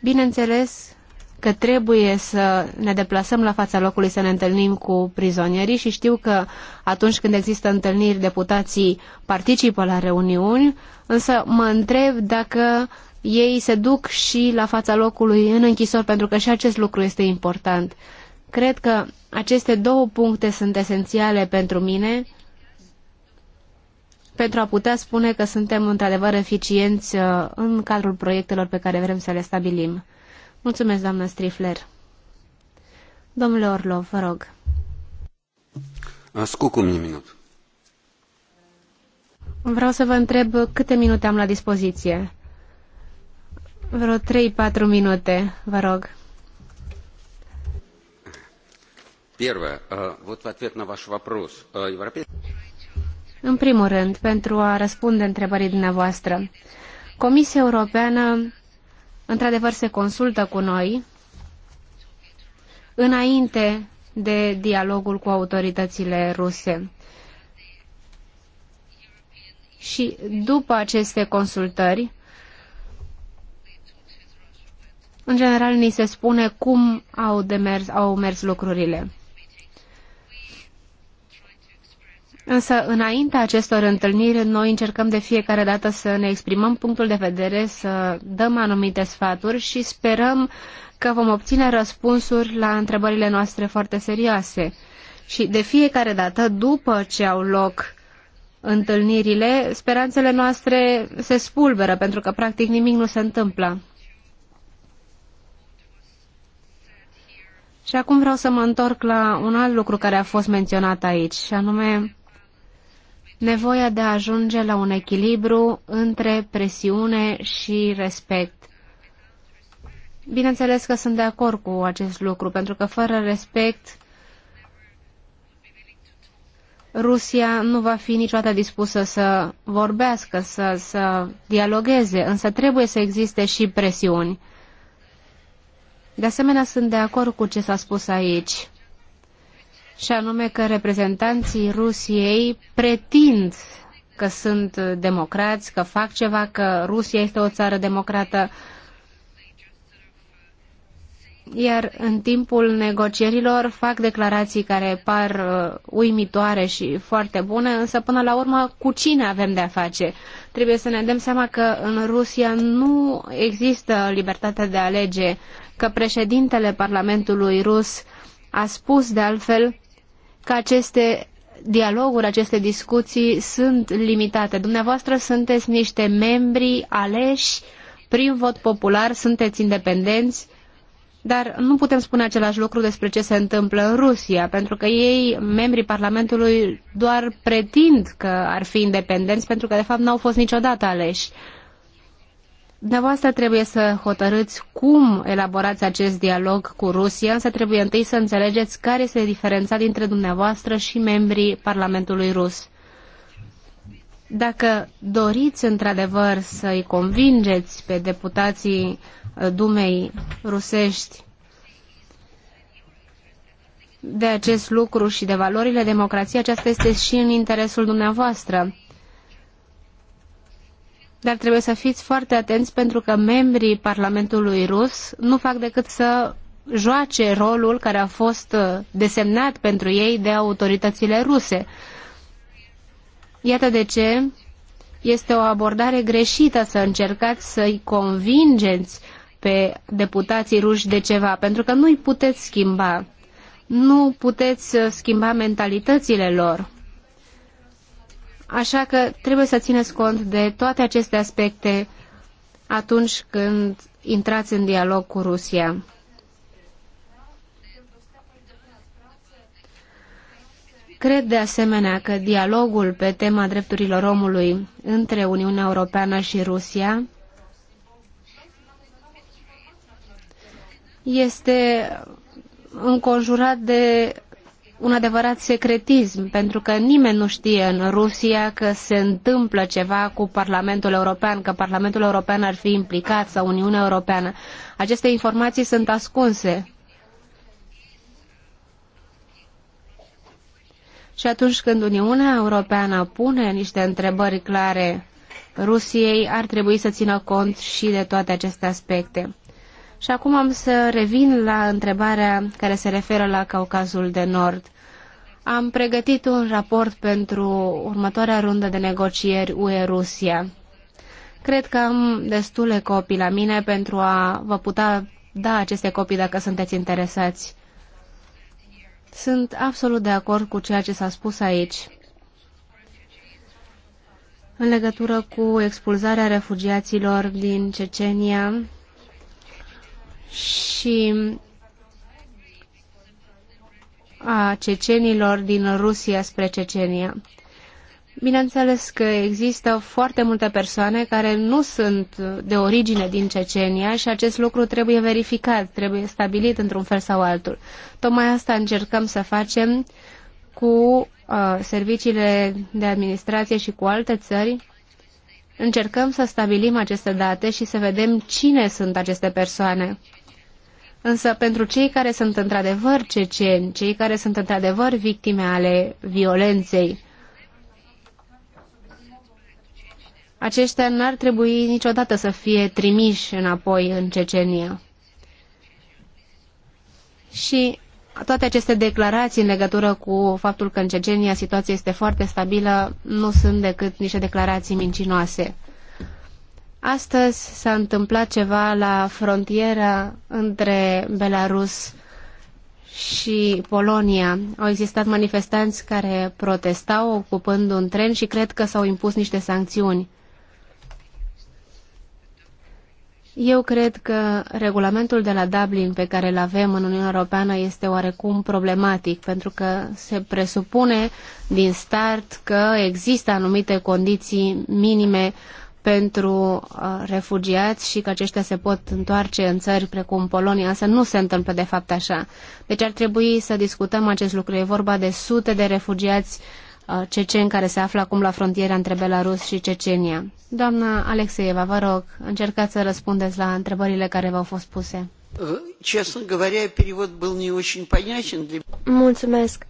Bineînțeles că trebuie să ne deplasăm la fața locului să ne întâlnim cu prizonierii și știu că atunci când există întâlniri, deputații participă la reuniuni, însă mă întreb dacă ei se duc și la fața locului în închisori, pentru că și acest lucru este important. Cred că aceste două puncte sunt esențiale pentru mine pentru a putea spune că suntem într-adevăr eficienți uh, în cadrul proiectelor pe care vrem să le stabilim. Mulțumesc, doamnă Strifler. Domnule Orlov, vă rog. Ascult un minut. Vreau să vă întreb câte minute am la dispoziție. Vreo 3-4 minute, vă rog. Первое. Э, вот в ответ на ваш вопрос. Э, În primul rând, pentru a răspunde întrebării dumneavoastră, Comisia Europeană într-adevăr se consultă cu noi înainte de dialogul cu autoritățile ruse. Și după aceste consultări, în general, ni se spune cum au, demers, au mers lucrurile. Însă, înaintea acestor întâlniri, noi încercăm de fiecare dată să ne exprimăm punctul de vedere, să dăm anumite sfaturi și sperăm că vom obține răspunsuri la întrebările noastre foarte serioase. Și de fiecare dată, după ce au loc întâlnirile, speranțele noastre se spulberă, pentru că practic nimic nu se întâmplă. Și acum vreau să mă întorc la un alt lucru care a fost menționat aici, și anume nevoia de a ajunge la un echilibru între presiune și respect. Bineînțeles că sunt de acord cu acest lucru, pentru că fără respect Rusia nu va fi niciodată dispusă să vorbească, să, să dialogueze, însă trebuie să existe și presiuni. De asemenea, sunt de acord cu ce s-a spus aici și anume că reprezentanții Rusiei pretind că sunt democrați, că fac ceva, că Rusia este o țară democrată. Iar în timpul negocierilor fac declarații care par uh, uimitoare și foarte bune, însă până la urmă cu cine avem de-a face? Trebuie să ne dăm seama că în Rusia nu există libertatea de a alege, că președintele Parlamentului rus a spus de altfel că aceste dialoguri, aceste discuții sunt limitate. Dumneavoastră sunteți niște membri aleși prin vot popular, sunteți independenți, dar nu putem spune același lucru despre ce se întâmplă în Rusia, pentru că ei, membrii Parlamentului, doar pretind că ar fi independenți, pentru că de fapt n-au fost niciodată aleși. Dumneavoastră trebuie să hotărâți cum elaborați acest dialog cu Rusia, însă trebuie întâi să înțelegeți care este diferența dintre dumneavoastră și membrii Parlamentului rus. Dacă doriți într-adevăr să-i convingeți pe deputații uh, Dumei rusești de acest lucru și de valorile democrației, aceasta este și în interesul dumneavoastră dar trebuie să fiți foarte atenți pentru că membrii Parlamentului rus nu fac decât să joace rolul care a fost uh, desemnat pentru ei de autoritățile ruse. Iată de ce este o abordare greșită să încercați să-i convingeți pe deputații ruși de ceva, pentru că nu îi puteți schimba. Nu puteți uh, schimba mentalitățile lor. Așa că trebuie să țineți cont de toate aceste aspecte atunci când intrați în dialog cu Rusia. Cred de asemenea că dialogul pe tema drepturilor omului între Uniunea Europeană și Rusia este înconjurat de un adevărat secretism, pentru că nimeni nu știe în Rusia că se întâmplă ceva cu Parlamentul European, că Parlamentul European ar fi implicat sau Uniunea Europeană. Aceste informații sunt ascunse. Și atunci când Uniunea Europeană pune niște întrebări clare Rusiei, ar trebui să țină cont și de toate aceste aspecte. Și acum am să revin la întrebarea care se referă la Caucazul de Nord. Am pregătit un raport pentru următoarea rundă de negocieri UE-Rusia. Cred că am destule copii la mine pentru a vă putea da aceste copii dacă sunteți interesați. Sunt absolut de acord cu ceea ce s-a spus aici în legătură cu expulzarea refugiaților din Cecenia și a cecenilor din Rusia spre Cecenia. Bineînțeles că există foarte multe persoane care nu sunt de origine din Cecenia și acest lucru trebuie verificat, trebuie stabilit într-un fel sau altul. Tocmai asta încercăm să facem cu uh, serviciile de administrație și cu alte țări. Încercăm să stabilim aceste date și să vedem cine sunt aceste persoane Însă pentru cei care sunt într-adevăr ceceni, cei care sunt într-adevăr victime ale violenței, aceștia n-ar trebui niciodată să fie trimiși înapoi în Cecenia. Și toate aceste declarații în legătură cu faptul că în Cecenia situația este foarte stabilă nu sunt decât niște declarații mincinoase. Astăzi s-a întâmplat ceva la frontiera între Belarus și Polonia. Au existat manifestanți care protestau ocupând un tren și cred că s-au impus niște sancțiuni. Eu cred că regulamentul de la Dublin pe care îl avem în Uniunea Europeană este oarecum problematic, pentru că se presupune din start că există anumite condiții minime uh, pentru uh, refugiați și că aceștia se pot întoarce în țări precum Polonia, însă nu se întâmplă de fapt așa. Deci ar trebui să discutăm acest lucru. E vorba de sute de refugiați uh, ceceni care se află acum la frontiera între Belarus și Cecenia. Doamna Alexeieva, vă rog, încercați să răspundeți la întrebările care v-au fost puse. Честно говоря, перевод был не очень понятен. Mulțumesc.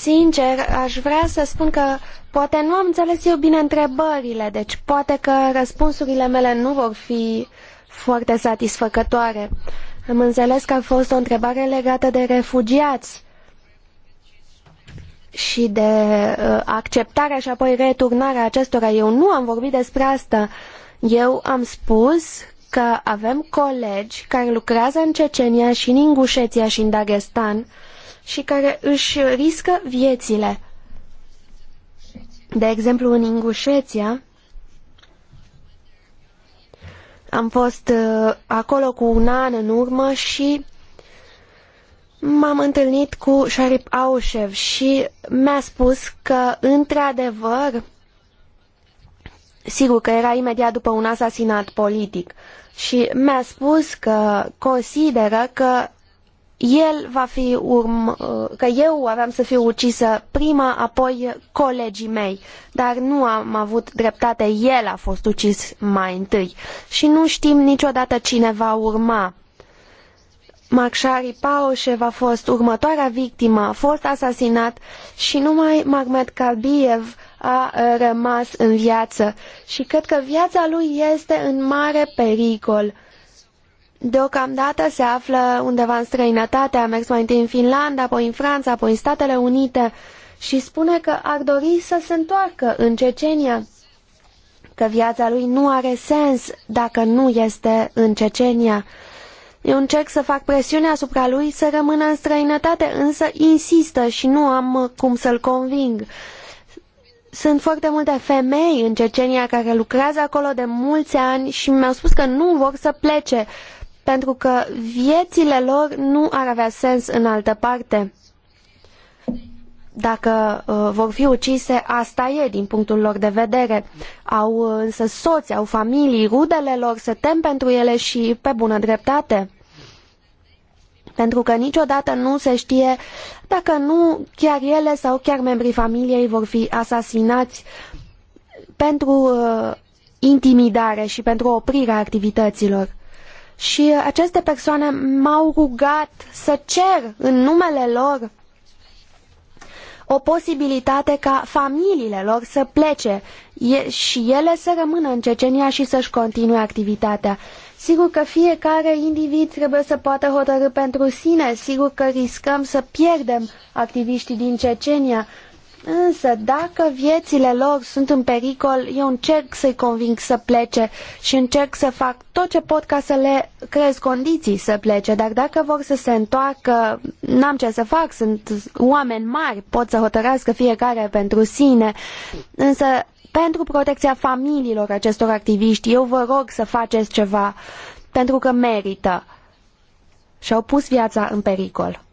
Sincer, aș vrea să spun că poate nu am înțeles eu bine întrebările, deci poate că răspunsurile mele nu vor fi foarte satisfăcătoare. Am înțeles că a fost o întrebare legată de refugiați și de uh, acceptarea și apoi returnarea acestora. Eu nu am vorbit despre asta. Eu am spus că avem colegi care lucrează în Cecenia și în Ingușeția și în Dagestan uh, și care își riscă viețile. De exemplu, în Ingușeția am fost uh, acolo cu un an în urmă și m-am întâlnit cu Sharip Aușev și mi-a spus că, într-adevăr, sigur că era imediat după un asasinat politic, și mi-a spus că consideră că el va fi urm, uh, că eu aveam să fiu ucisă prima, apoi colegii mei. Dar nu am avut dreptate, el a fost ucis mai întâi. Și nu știm niciodată cine va urma. Makshari Paoșev a fost următoarea victimă, a fost asasinat și numai Magmet Kalbiev a uh, rămas în viață și cred că viața lui este în mare pericol Deocamdată se află undeva în străinătate, a mers mai întâi în Finlanda, apoi în Franța, apoi în Statele Unite și spune că ar dori să se întoarcă în Cecenia, că viața lui nu are sens dacă nu este în Cecenia. Eu încerc să fac presiune asupra lui să rămână în străinătate, însă insistă și nu am cum să-l conving. Sunt foarte multe femei în Cecenia care lucrează acolo de mulți ani și mi-au spus că nu vor să plece pentru că viețile lor nu ar avea sens în altă parte. Dacă uh, vor fi ucise, asta e din punctul lor de vedere. Au uh, însă soți, au familii, rudele lor se tem pentru ele și pe bună dreptate pentru că niciodată nu se știe dacă nu chiar ele sau chiar membrii familiei vor fi asasinați pentru uh, intimidare și pentru oprirea activităților și aceste persoane m-au rugat să cer în numele lor o posibilitate ca familiile lor să plece și ele să rămână în Cecenia și să-și continue activitatea. Sigur că fiecare individ trebuie să poată hotărî pentru sine, sigur că riscăm să pierdem activiștii din Cecenia, Însă, dacă viețile lor sunt în pericol, eu încerc să-i conving să plece și încerc să fac tot ce pot ca să le creez condiții să plece. Dar dacă vor să se întoarcă, n-am ce să fac, sunt oameni mari, pot să hotărească fiecare pentru sine. Însă, pentru protecția familiilor acestor activiști, eu vă rog să faceți ceva, pentru că merită. Și-au pus viața în pericol.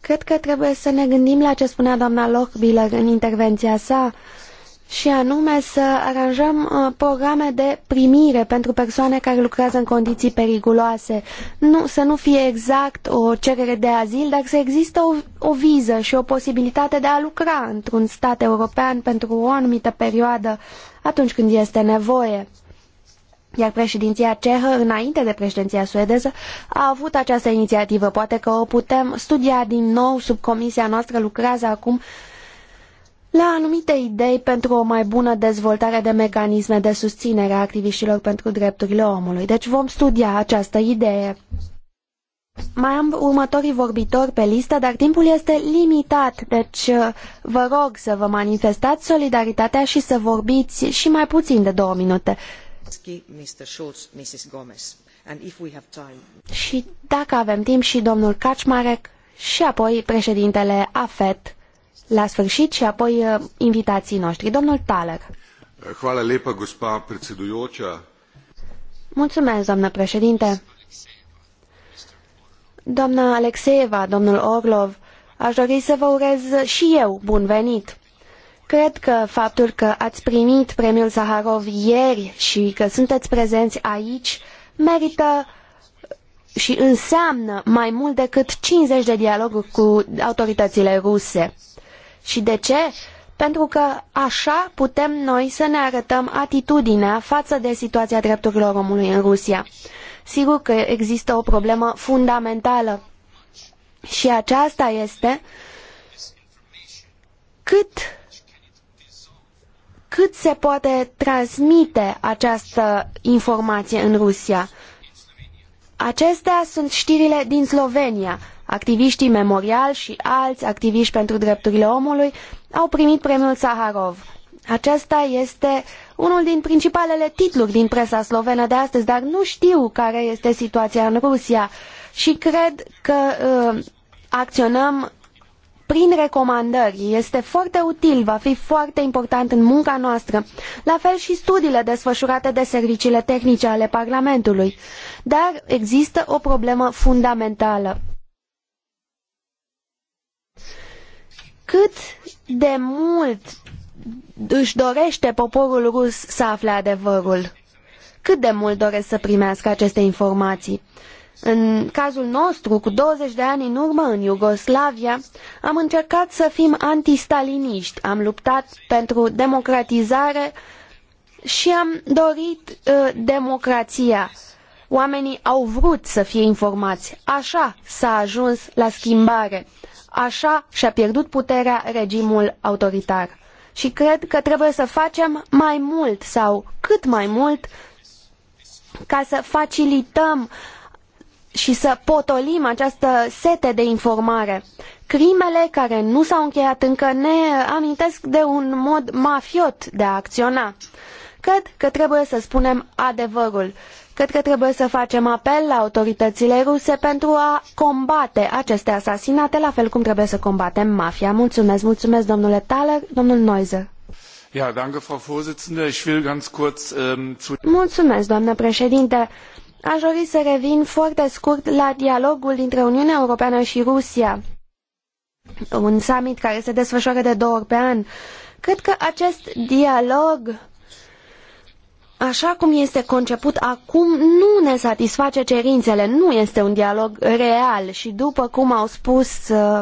Cred că trebuie să ne gândim la ce spunea doamna Lochbiller în intervenția sa, și anume să aranjăm uh, programe de primire pentru persoane care lucrează în condiții periculoase, Nu, să nu fie exact o cerere de azil, dar să există o, o viză și o posibilitate de a lucra într-un stat european pentru o anumită perioadă atunci când este nevoie. Iar președinția cehă, înainte de președinția suedeză, a avut această inițiativă. Poate că o putem studia din nou, sub comisia noastră lucrează acum la anumite idei pentru o mai bună dezvoltare de mecanisme de susținere a activiștilor pentru drepturile omului. Deci vom studia această idee. Mai am următorii vorbitori pe listă, dar timpul este limitat, deci vă rog să vă manifestați solidaritatea și să vorbiți și mai puțin de două minute. Și dacă avem timp și domnul Kaczmarek și apoi președintele AFET la sfârșit și apoi uh, invitații noștri. Domnul Thaler. Hvala lepa, gospa predsedujoča. Mulțumesc, doamnă președinte. Doamna Alexeeva, domnul Orlov, aș dori să vă urez și eu bun venit. Cred că faptul că ați primit premiul Zaharov ieri și că sunteți prezenți aici merită și înseamnă mai mult decât 50 de dialoguri cu autoritățile ruse. Și de ce? Pentru că așa putem noi să ne arătăm atitudinea față de situația drepturilor omului în Rusia. Sigur că există o problemă fundamentală și aceasta este cât cât se poate transmite această informație în Rusia. Acestea sunt știrile din Slovenia. Activiștii Memorial și alți activiști pentru drepturile omului au primit premiul Saharov. Acesta este unul din principalele titluri din presa slovenă de astăzi, dar nu știu care este situația în Rusia și cred că uh, acționăm prin recomandări. Este foarte util, va fi foarte important în munca noastră, la fel și studiile desfășurate de serviciile tehnice ale Parlamentului. Dar există o problemă fundamentală. Cât de mult își dorește poporul rus să afle adevărul? Cât de mult doresc să primească aceste informații? În cazul nostru, cu 20 de ani în urmă, în Iugoslavia, am încercat să fim antistaliniști, am luptat pentru democratizare și am dorit uh, democrația. Oamenii au vrut să fie informați. Așa s-a ajuns la schimbare. Așa și-a pierdut puterea regimul autoritar. Și cred că trebuie să facem mai mult sau cât mai mult ca să facilităm uh, și să potolim această sete de informare. Crimele care nu s-au încheiat încă ne amintesc de un mod mafiot de a acționa. Cred că trebuie să spunem adevărul. Cred că trebuie să facem apel la autoritățile ruse pentru a combate aceste asasinate, la fel cum trebuie să combatem mafia. Mulțumesc, mulțumesc domnule Thaler, domnul Noizer. Ja, danke, Frau Vorsitzende. Ich will ganz kurz, ähm, zu... Mulțumesc, doamnă președinte. Aș dori să revin foarte scurt la dialogul dintre Uniunea Europeană și Rusia, un summit care se desfășoară de două ori pe an. Cred că acest dialog, așa cum este conceput acum, nu ne satisface cerințele, nu este un dialog real și după cum au spus uh,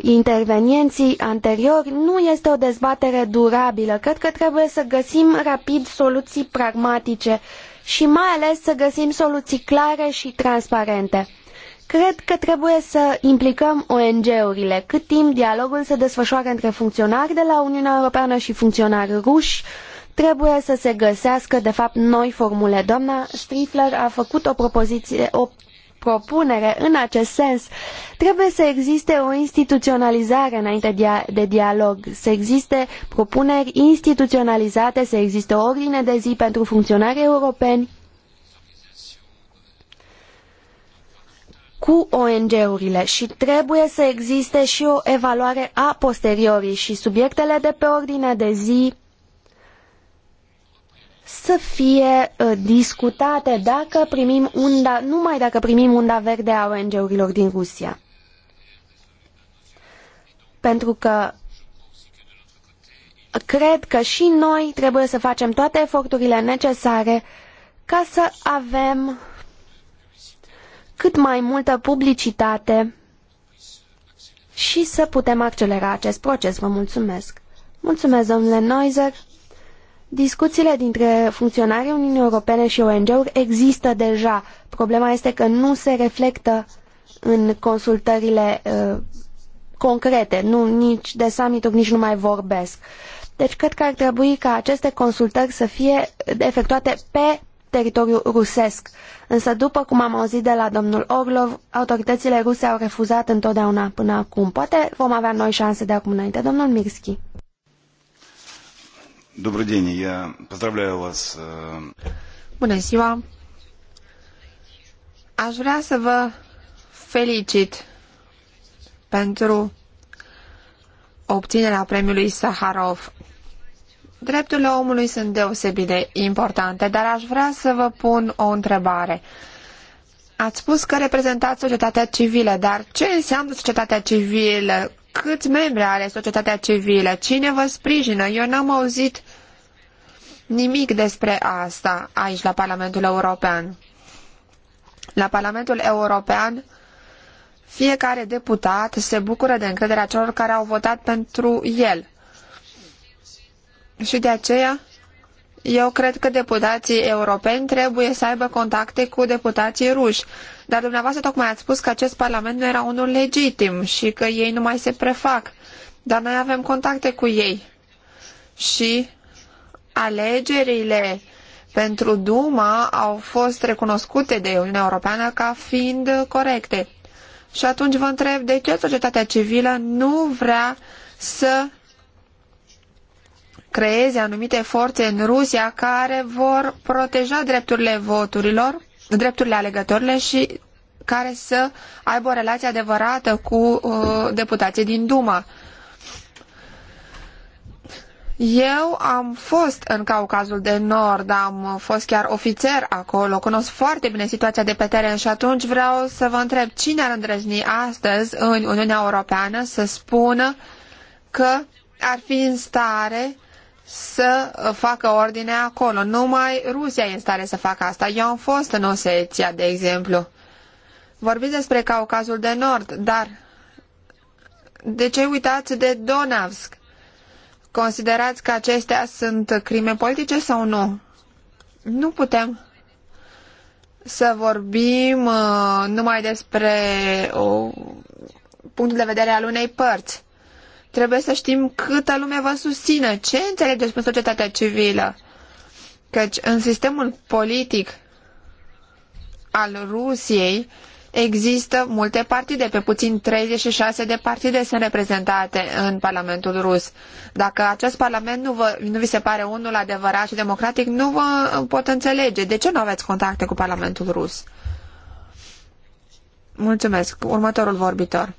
intervenienții anteriori, nu este o dezbatere durabilă. Cred că trebuie să găsim rapid soluții pragmatice uh, și mai ales să găsim soluții clare și transparente. Cred că trebuie să implicăm ONG-urile, cât timp dialogul se desfășoară între funcționari de la Uniunea Europeană și funcționari ruși, trebuie să se găsească, de fapt, noi formule. Doamna Strifler a făcut o, propoziție, o propunere în acest sens, trebuie să existe o instituționalizare înainte de dialog, să existe propuneri instituționalizate, să existe o ordine de zi pentru funcționari europeni cu ONG-urile și trebuie să existe și o evaluare a posteriori și subiectele de pe ordinea de zi să fie uh, discutate dacă primim unda, numai dacă primim unda verde a ONG-urilor din Rusia. Pentru că cred că și noi trebuie să facem toate eforturile necesare ca să avem cât mai multă publicitate și să putem accelera acest proces. Vă mulțumesc! Mulțumesc, domnule Neuser. Discuțiile dintre funcționarii Uniunii Europene și ONG-uri există deja. Problema este că nu se reflectă în consultările uh, concrete, nu nici de summit nici nu mai vorbesc. Deci cred că ar trebui ca aceste consultări să fie efectuate pe teritoriul rusesc. Însă, după cum am auzit de la domnul Orlov, autoritățile ruse au refuzat întotdeauna până acum. Poate vom avea noi șanse de acum înainte. Domnul Mirski. Э, Bună ziua! Aș vrea să vă felicit pentru obținerea premiului Saharov. Drepturile omului sunt deosebit de importante, dar aș vrea să vă pun o întrebare. Ați spus că reprezentați societatea civilă, dar ce înseamnă societatea civilă? câți membri are societatea civilă, cine vă sprijină. Eu n-am auzit nimic despre asta aici la Parlamentul European. La Parlamentul European fiecare deputat se bucură de încrederea celor care au votat pentru el. Și de aceea eu cred că deputații europeni trebuie să aibă contacte cu deputații ruși dar dumneavoastră tocmai ați spus că acest parlament nu era unul legitim și că ei nu mai se prefac. Dar noi avem contacte cu ei. Și alegerile pentru Duma au fost recunoscute de Uniunea Europeană ca fiind corecte. Și atunci vă întreb de ce societatea civilă nu vrea să creeze anumite forțe în Rusia care vor proteja drepturile voturilor drepturile alegătorilor și care să aibă o relație adevărată cu uh, deputații din Duma. Eu am fost în Caucazul de Nord, am fost chiar ofițer acolo, cunosc foarte bine situația de pe teren și atunci vreau să vă întreb cine ar îndrăzni astăzi în Uniunea Europeană să spună că ar fi în stare să facă ordine acolo. Numai Rusia e în stare să facă asta. Eu am fost în Oseția, de exemplu. Vorbiți despre Caucazul de Nord, dar de ce uitați de Donavsk? Considerați că acestea sunt crime politice sau nu? Nu putem să vorbim uh, numai despre uh, punctul de vedere al unei părți. Trebuie să știm câtă lume vă susține, ce înțelegeți prin societatea civilă. Căci în sistemul politic al Rusiei există multe partide, pe puțin 36 de partide sunt reprezentate în Parlamentul rus. Dacă acest Parlament nu, vă, nu vi se pare unul adevărat și democratic, nu vă pot înțelege. De ce nu aveți contacte cu Parlamentul rus? Mulțumesc. Următorul vorbitor.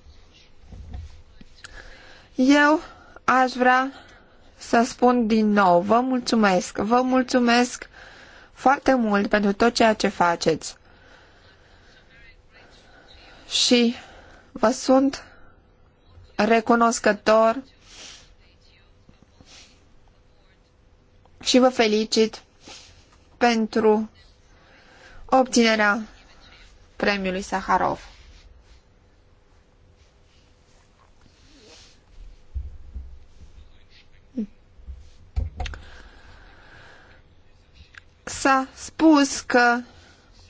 Eu aș vrea să spun din nou, vă mulțumesc, vă mulțumesc foarte mult pentru tot ceea ce faceți. Și vă sunt recunoscător și vă felicit pentru obținerea premiului Saharov. S-a spus că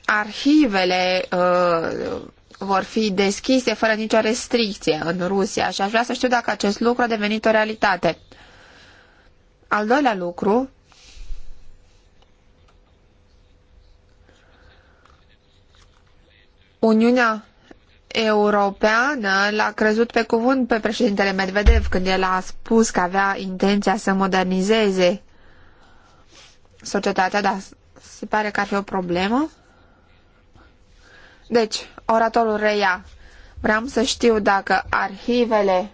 arhivele uh, vor fi deschise fără nicio restricție în Rusia și aș vrea să știu dacă acest lucru a devenit o realitate. Al doilea lucru, Uniunea Europeană l-a crezut pe cuvânt pe președintele Medvedev când el a spus că avea intenția să modernizeze societatea, dar se pare că ar fi o problemă. Deci, oratorul reia. Vreau să știu dacă arhivele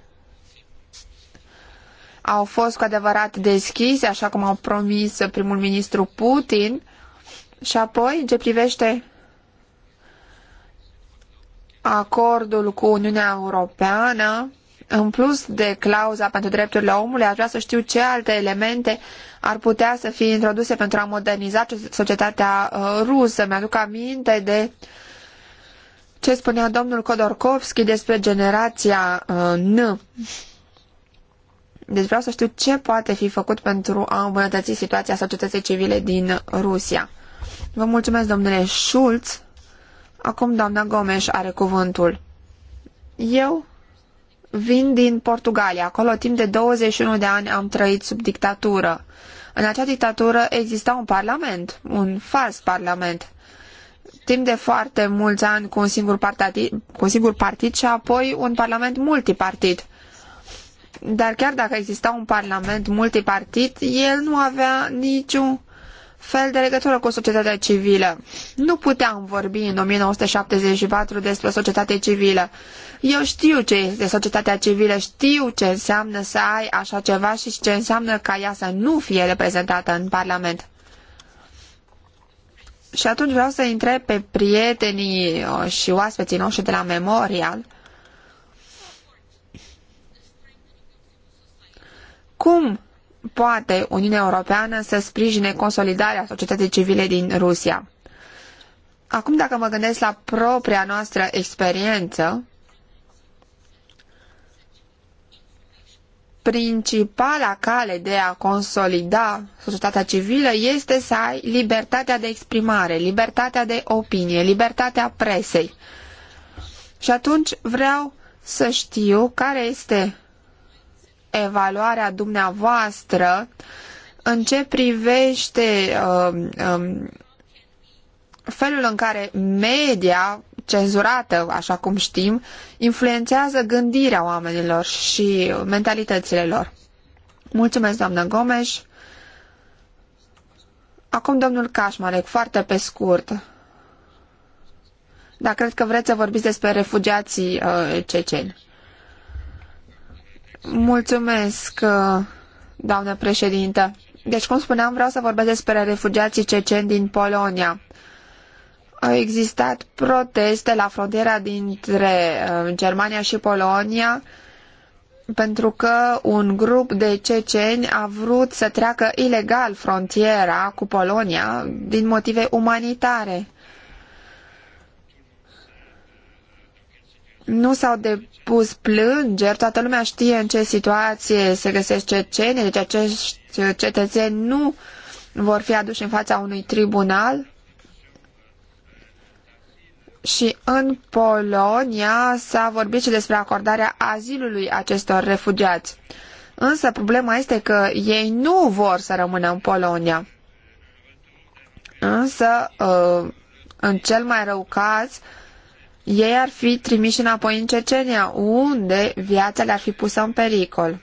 au fost cu adevărat deschise, așa cum au promis primul ministru Putin, și apoi, în ce privește acordul cu Uniunea Europeană, în plus de clauza pentru drepturile omului, aș vrea să știu ce alte elemente ar putea să fie introduse pentru a moderniza societatea uh, rusă. Mi-aduc aminte de ce spunea domnul Kodorkovski despre generația uh, N. Deci vreau să știu ce poate fi făcut pentru a îmbunătăți situația societății civile din Rusia. Vă mulțumesc, domnule Schulz. Acum doamna Gomes are cuvântul. Eu Vin din Portugalia. Acolo timp de 21 de ani am trăit sub dictatură. În acea dictatură exista un parlament, un fals parlament. Timp de foarte mulți ani cu un singur, partid, cu un singur partid și apoi un parlament multipartid. Dar chiar dacă exista un parlament multipartid, el nu avea niciun fel de legătură cu societatea civilă. Nu puteam vorbi în 1974 despre societate civilă. Eu știu ce este societatea civilă, știu ce înseamnă să ai așa ceva și ce înseamnă ca ea să nu fie reprezentată în Parlament. Și atunci vreau să întreb pe prietenii și oaspeții noștri de la Memorial cum poate Uniunea Europeană să sprijine consolidarea societății civile din Rusia. Acum, dacă mă gândesc la propria noastră experiență, principala cale de a consolida societatea civilă este să ai libertatea de exprimare, libertatea de opinie, libertatea presei. Și atunci vreau să știu care este evaluarea dumneavoastră în ce privește uh, um, felul în care media cenzurată, așa cum știm, influențează gândirea oamenilor și mentalitățile lor. Mulțumesc, doamnă Gomes. Acum domnul Cașmarec, foarte pe scurt. Da, cred că vreți să vorbiți despre refugiații uh, ceceni. Mulțumesc, uh, doamnă președintă. Deci, cum spuneam, vreau să vorbesc despre refugiații ceceni din Polonia. Au existat proteste la frontiera dintre uh, Germania și Polonia pentru că un grup de ceceni a vrut să treacă ilegal frontiera cu Polonia din motive umanitare. nu s-au depus plângeri, toată lumea știe în ce situație se găsesc cecenii, deci acești cetățeni nu vor fi aduși în fața unui tribunal. Și în Polonia s-a vorbit și despre acordarea azilului acestor refugiați. Însă problema este că ei nu vor să rămână în Polonia. Însă, uh, în cel mai rău caz, ei ar fi trimiși înapoi în Cecenia, unde viața le-ar fi pusă în pericol.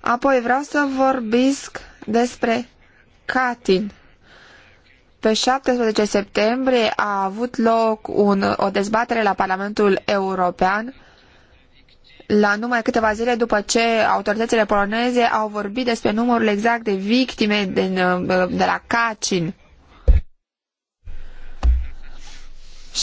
Apoi vreau să vorbesc despre Katyn. Pe 17 septembrie a avut loc un, o dezbatere la Parlamentul European la numai câteva zile după ce autoritățile poloneze au vorbit despre numărul exact de victime din, de la Cacin.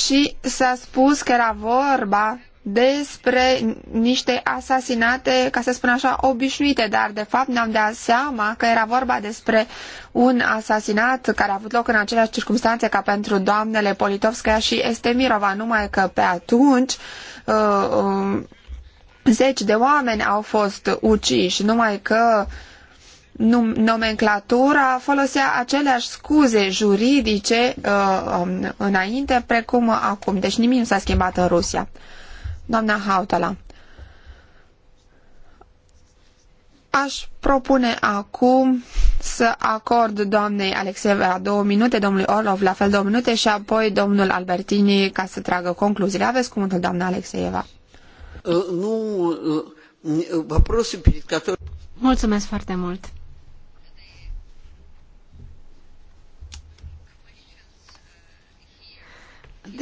și s-a spus că era vorba despre niște asasinate, ca să spun așa, obișnuite, dar de fapt ne-am dat seama că era vorba despre un asasinat care a avut loc în aceleași circunstanțe ca pentru doamnele Politovskaya și Estemirova, numai că pe atunci uh, um, zeci de oameni au fost uciși, numai că uh, nomenclatura folosea aceleași scuze juridice uh, um, înainte precum acum. Deci nimic nu s-a schimbat în Rusia. Doamna Hautala. Aș propune acum să acord doamnei Alexeva două minute, domnului Orlov la fel două minute și apoi domnul Albertini ca să tragă concluziile. Aveți cuvântul, doamna Alexeva. Uh, nu, uh, uh Mulțumesc foarte mult.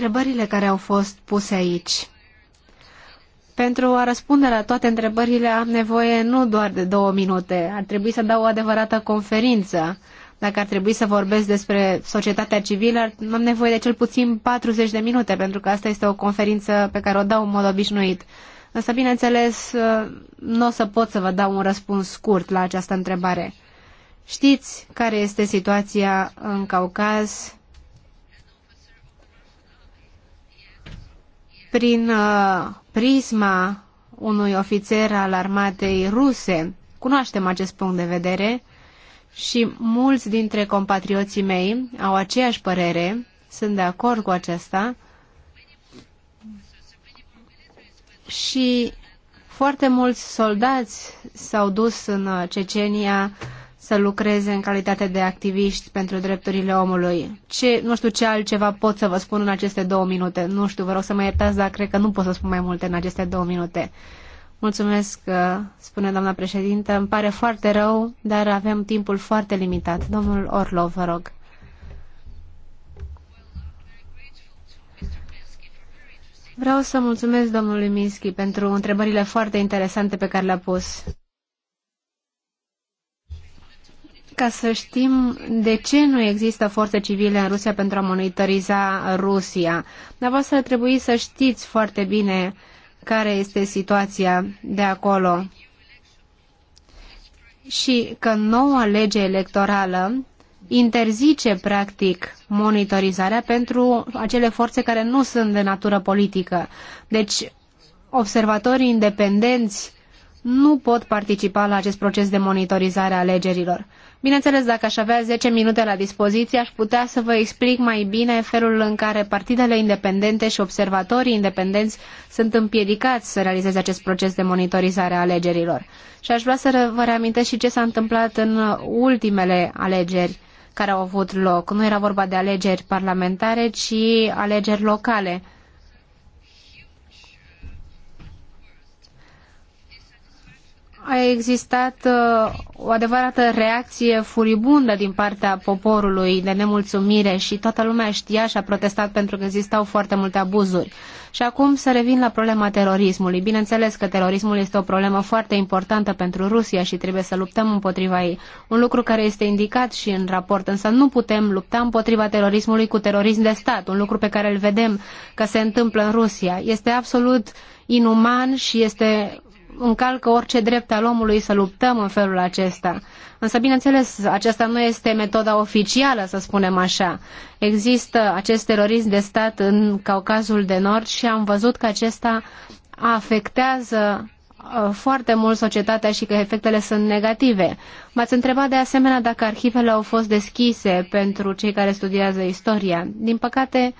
întrebările care au fost puse aici. Pentru a răspunde la toate întrebările am nevoie nu doar de două minute. Ar trebui să dau o adevărată conferință. Dacă ar trebui să vorbesc despre societatea civilă, am nevoie de cel puțin 40 de minute, pentru că asta este o conferință pe care o dau în mod obișnuit. Însă, bineînțeles, nu o să pot să vă dau un răspuns scurt la această întrebare. Știți care este situația în Caucaz? prin uh, prisma unui ofițer al armatei ruse. Cunoaștem acest punct de vedere și mulți dintre compatrioții mei au aceeași părere, sunt de acord cu aceasta și foarte mulți soldați s-au dus în uh, Cecenia să lucreze în calitate de activiști pentru drepturile omului. Ce, nu știu ce altceva pot să vă spun în aceste două minute. Nu știu, vă rog să mă iertați, dar cred că nu pot să spun mai multe în aceste două minute. Mulțumesc, uh, spune doamna președintă. Îmi pare foarte rău, dar avem timpul foarte limitat. Domnul Orlov, vă rog. Vreau să mulțumesc domnului Minsky pentru întrebările foarte interesante pe care le-a pus. ca să știm de ce nu există forțe civile în Rusia pentru a monitoriza Rusia. să trebui să știți foarte bine care este situația de acolo și că noua lege electorală interzice practic monitorizarea pentru acele forțe care nu sunt de natură politică. Deci observatorii independenți nu pot participa la acest proces de monitorizare a alegerilor. Bineînțeles, dacă aș avea 10 minute la dispoziție, aș putea să vă explic mai bine felul în care partidele independente și observatorii independenți sunt împiedicați să realizeze acest proces de monitorizare a alegerilor. Și aș vrea să vă reamintesc și ce s-a întâmplat în ultimele alegeri care au avut loc. Nu era vorba de alegeri parlamentare, ci alegeri locale a existat uh, o adevărată reacție furibundă din partea poporului de nemulțumire și toată lumea știa și a protestat pentru că existau foarte multe abuzuri. Și acum să revin la problema terorismului. Bineînțeles că terorismul este o problemă foarte importantă pentru Rusia și trebuie să luptăm împotriva ei. Un lucru care este indicat și în raport, însă nu putem lupta împotriva terorismului cu terorism de stat, un lucru pe care îl vedem că se întâmplă în Rusia. Este absolut inuman și este încalcă orice drept al omului să luptăm în felul acesta. Însă, bineînțeles, aceasta nu este metoda oficială, să spunem așa. Există acest terorism de stat în Caucazul de Nord și am văzut că acesta afectează uh, foarte mult societatea și că efectele sunt negative. M-ați întrebat de asemenea dacă arhivele au fost deschise pentru cei care studiază istoria. Din păcate,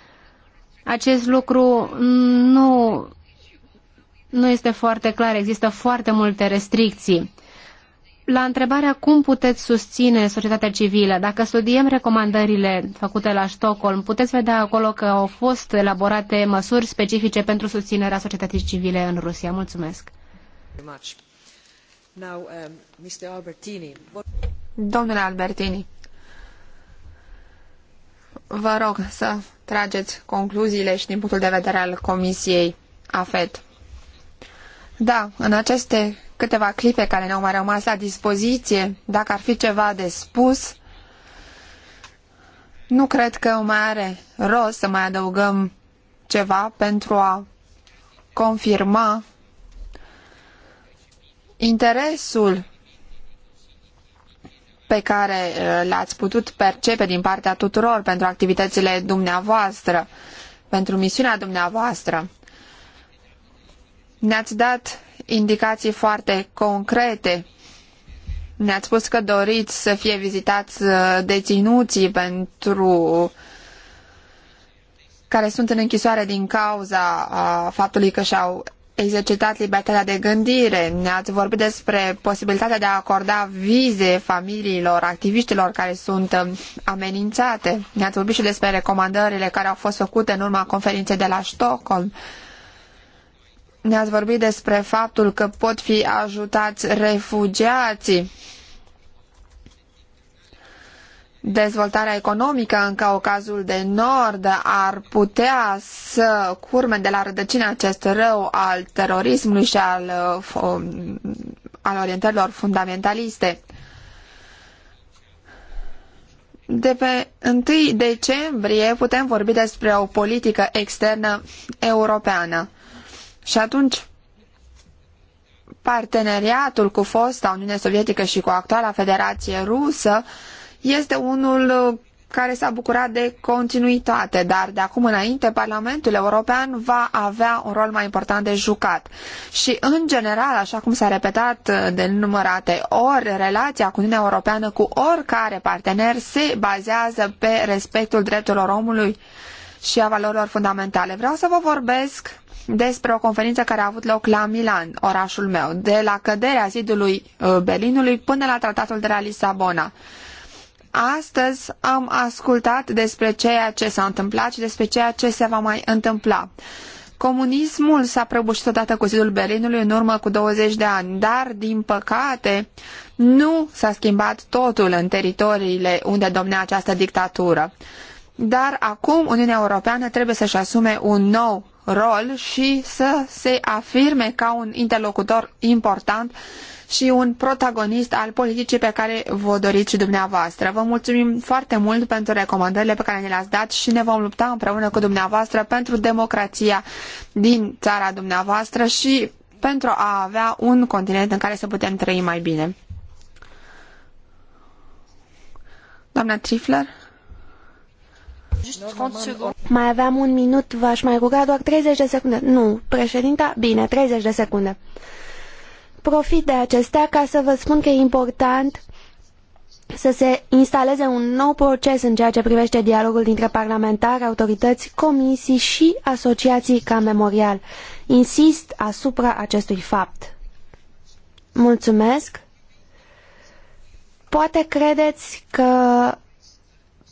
acest lucru nu nu este foarte clar, există foarte multe restricții. La întrebarea cum puteți susține societatea civilă, dacă studiem recomandările făcute la Stockholm, puteți vedea acolo că au fost elaborate măsuri specifice pentru susținerea societății civile în Rusia. Mulțumesc. Domnule Albertini, vă rog să trageți concluziile și din punctul de vedere al Comisiei AFET. Da, în aceste câteva clipe care ne-au mai rămas la dispoziție, dacă ar fi ceva de spus, nu cred că mai are rost să mai adăugăm ceva pentru a confirma interesul pe care uh, l-ați putut percepe din partea tuturor pentru activitățile dumneavoastră, pentru misiunea dumneavoastră. Ne-ați dat indicații foarte concrete. Ne-ați spus că doriți să fie vizitați uh, deținuții pentru care sunt în închisoare din cauza faptului că și-au exercitat libertatea de gândire. Ne-ați vorbit despre posibilitatea de a acorda vize familiilor, activiștilor care sunt um, amenințate. Ne-ați vorbit și despre recomandările care au fost făcute în urma conferinței de la Stockholm. Ne-ați vorbit despre faptul că pot fi ajutați refugiații, dezvoltarea economică în Caucazul de Nord ar putea să curme de la rădăcina acest rău al terorismului și al, uh, al orientărilor fundamentaliste. De pe 1 decembrie putem vorbi despre o politică externă europeană. Și atunci, parteneriatul cu fosta Uniune Sovietică și cu actuala Federație Rusă este unul uh, care s-a bucurat de continuitate, dar de acum înainte Parlamentul European va avea un rol mai important de jucat. Și, în general, așa cum s-a repetat uh, de numărate ori, relația cu Uniunea Europeană cu oricare partener se bazează pe respectul drepturilor omului și a valorilor fundamentale. Vreau să vă vorbesc despre o conferință care a avut loc la Milan, orașul meu, de la căderea zidului uh, Berlinului până la tratatul de la Lisabona. Astăzi am ascultat despre ceea ce s-a întâmplat și despre ceea ce se va mai întâmpla. Comunismul s-a prăbușit odată cu zidul Berlinului în urmă cu 20 de ani, dar, din păcate, nu s-a schimbat totul în teritoriile unde domnea această dictatură. Dar acum Uniunea Europeană trebuie să-și asume un nou rol și să se afirme ca un interlocutor important și un protagonist al politicii pe care vă doriți și dumneavoastră. Vă mulțumim foarte mult pentru recomandările pe care ne le-ați dat și ne vom lupta împreună cu dumneavoastră pentru democrația din țara dumneavoastră și pentru a avea un continent în care să putem trăi mai bine. Doamna Trifler? Mai aveam un minut, v-aș mai ruga doar 30 de secunde. Nu, președinta, bine, 30 de secunde. Profit de acestea ca să vă spun că e important să se instaleze un nou proces în ceea ce privește dialogul dintre parlamentari, autorități, comisii și asociații ca memorial. Insist asupra acestui fapt. Mulțumesc! Poate credeți că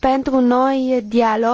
pentru noi, dialog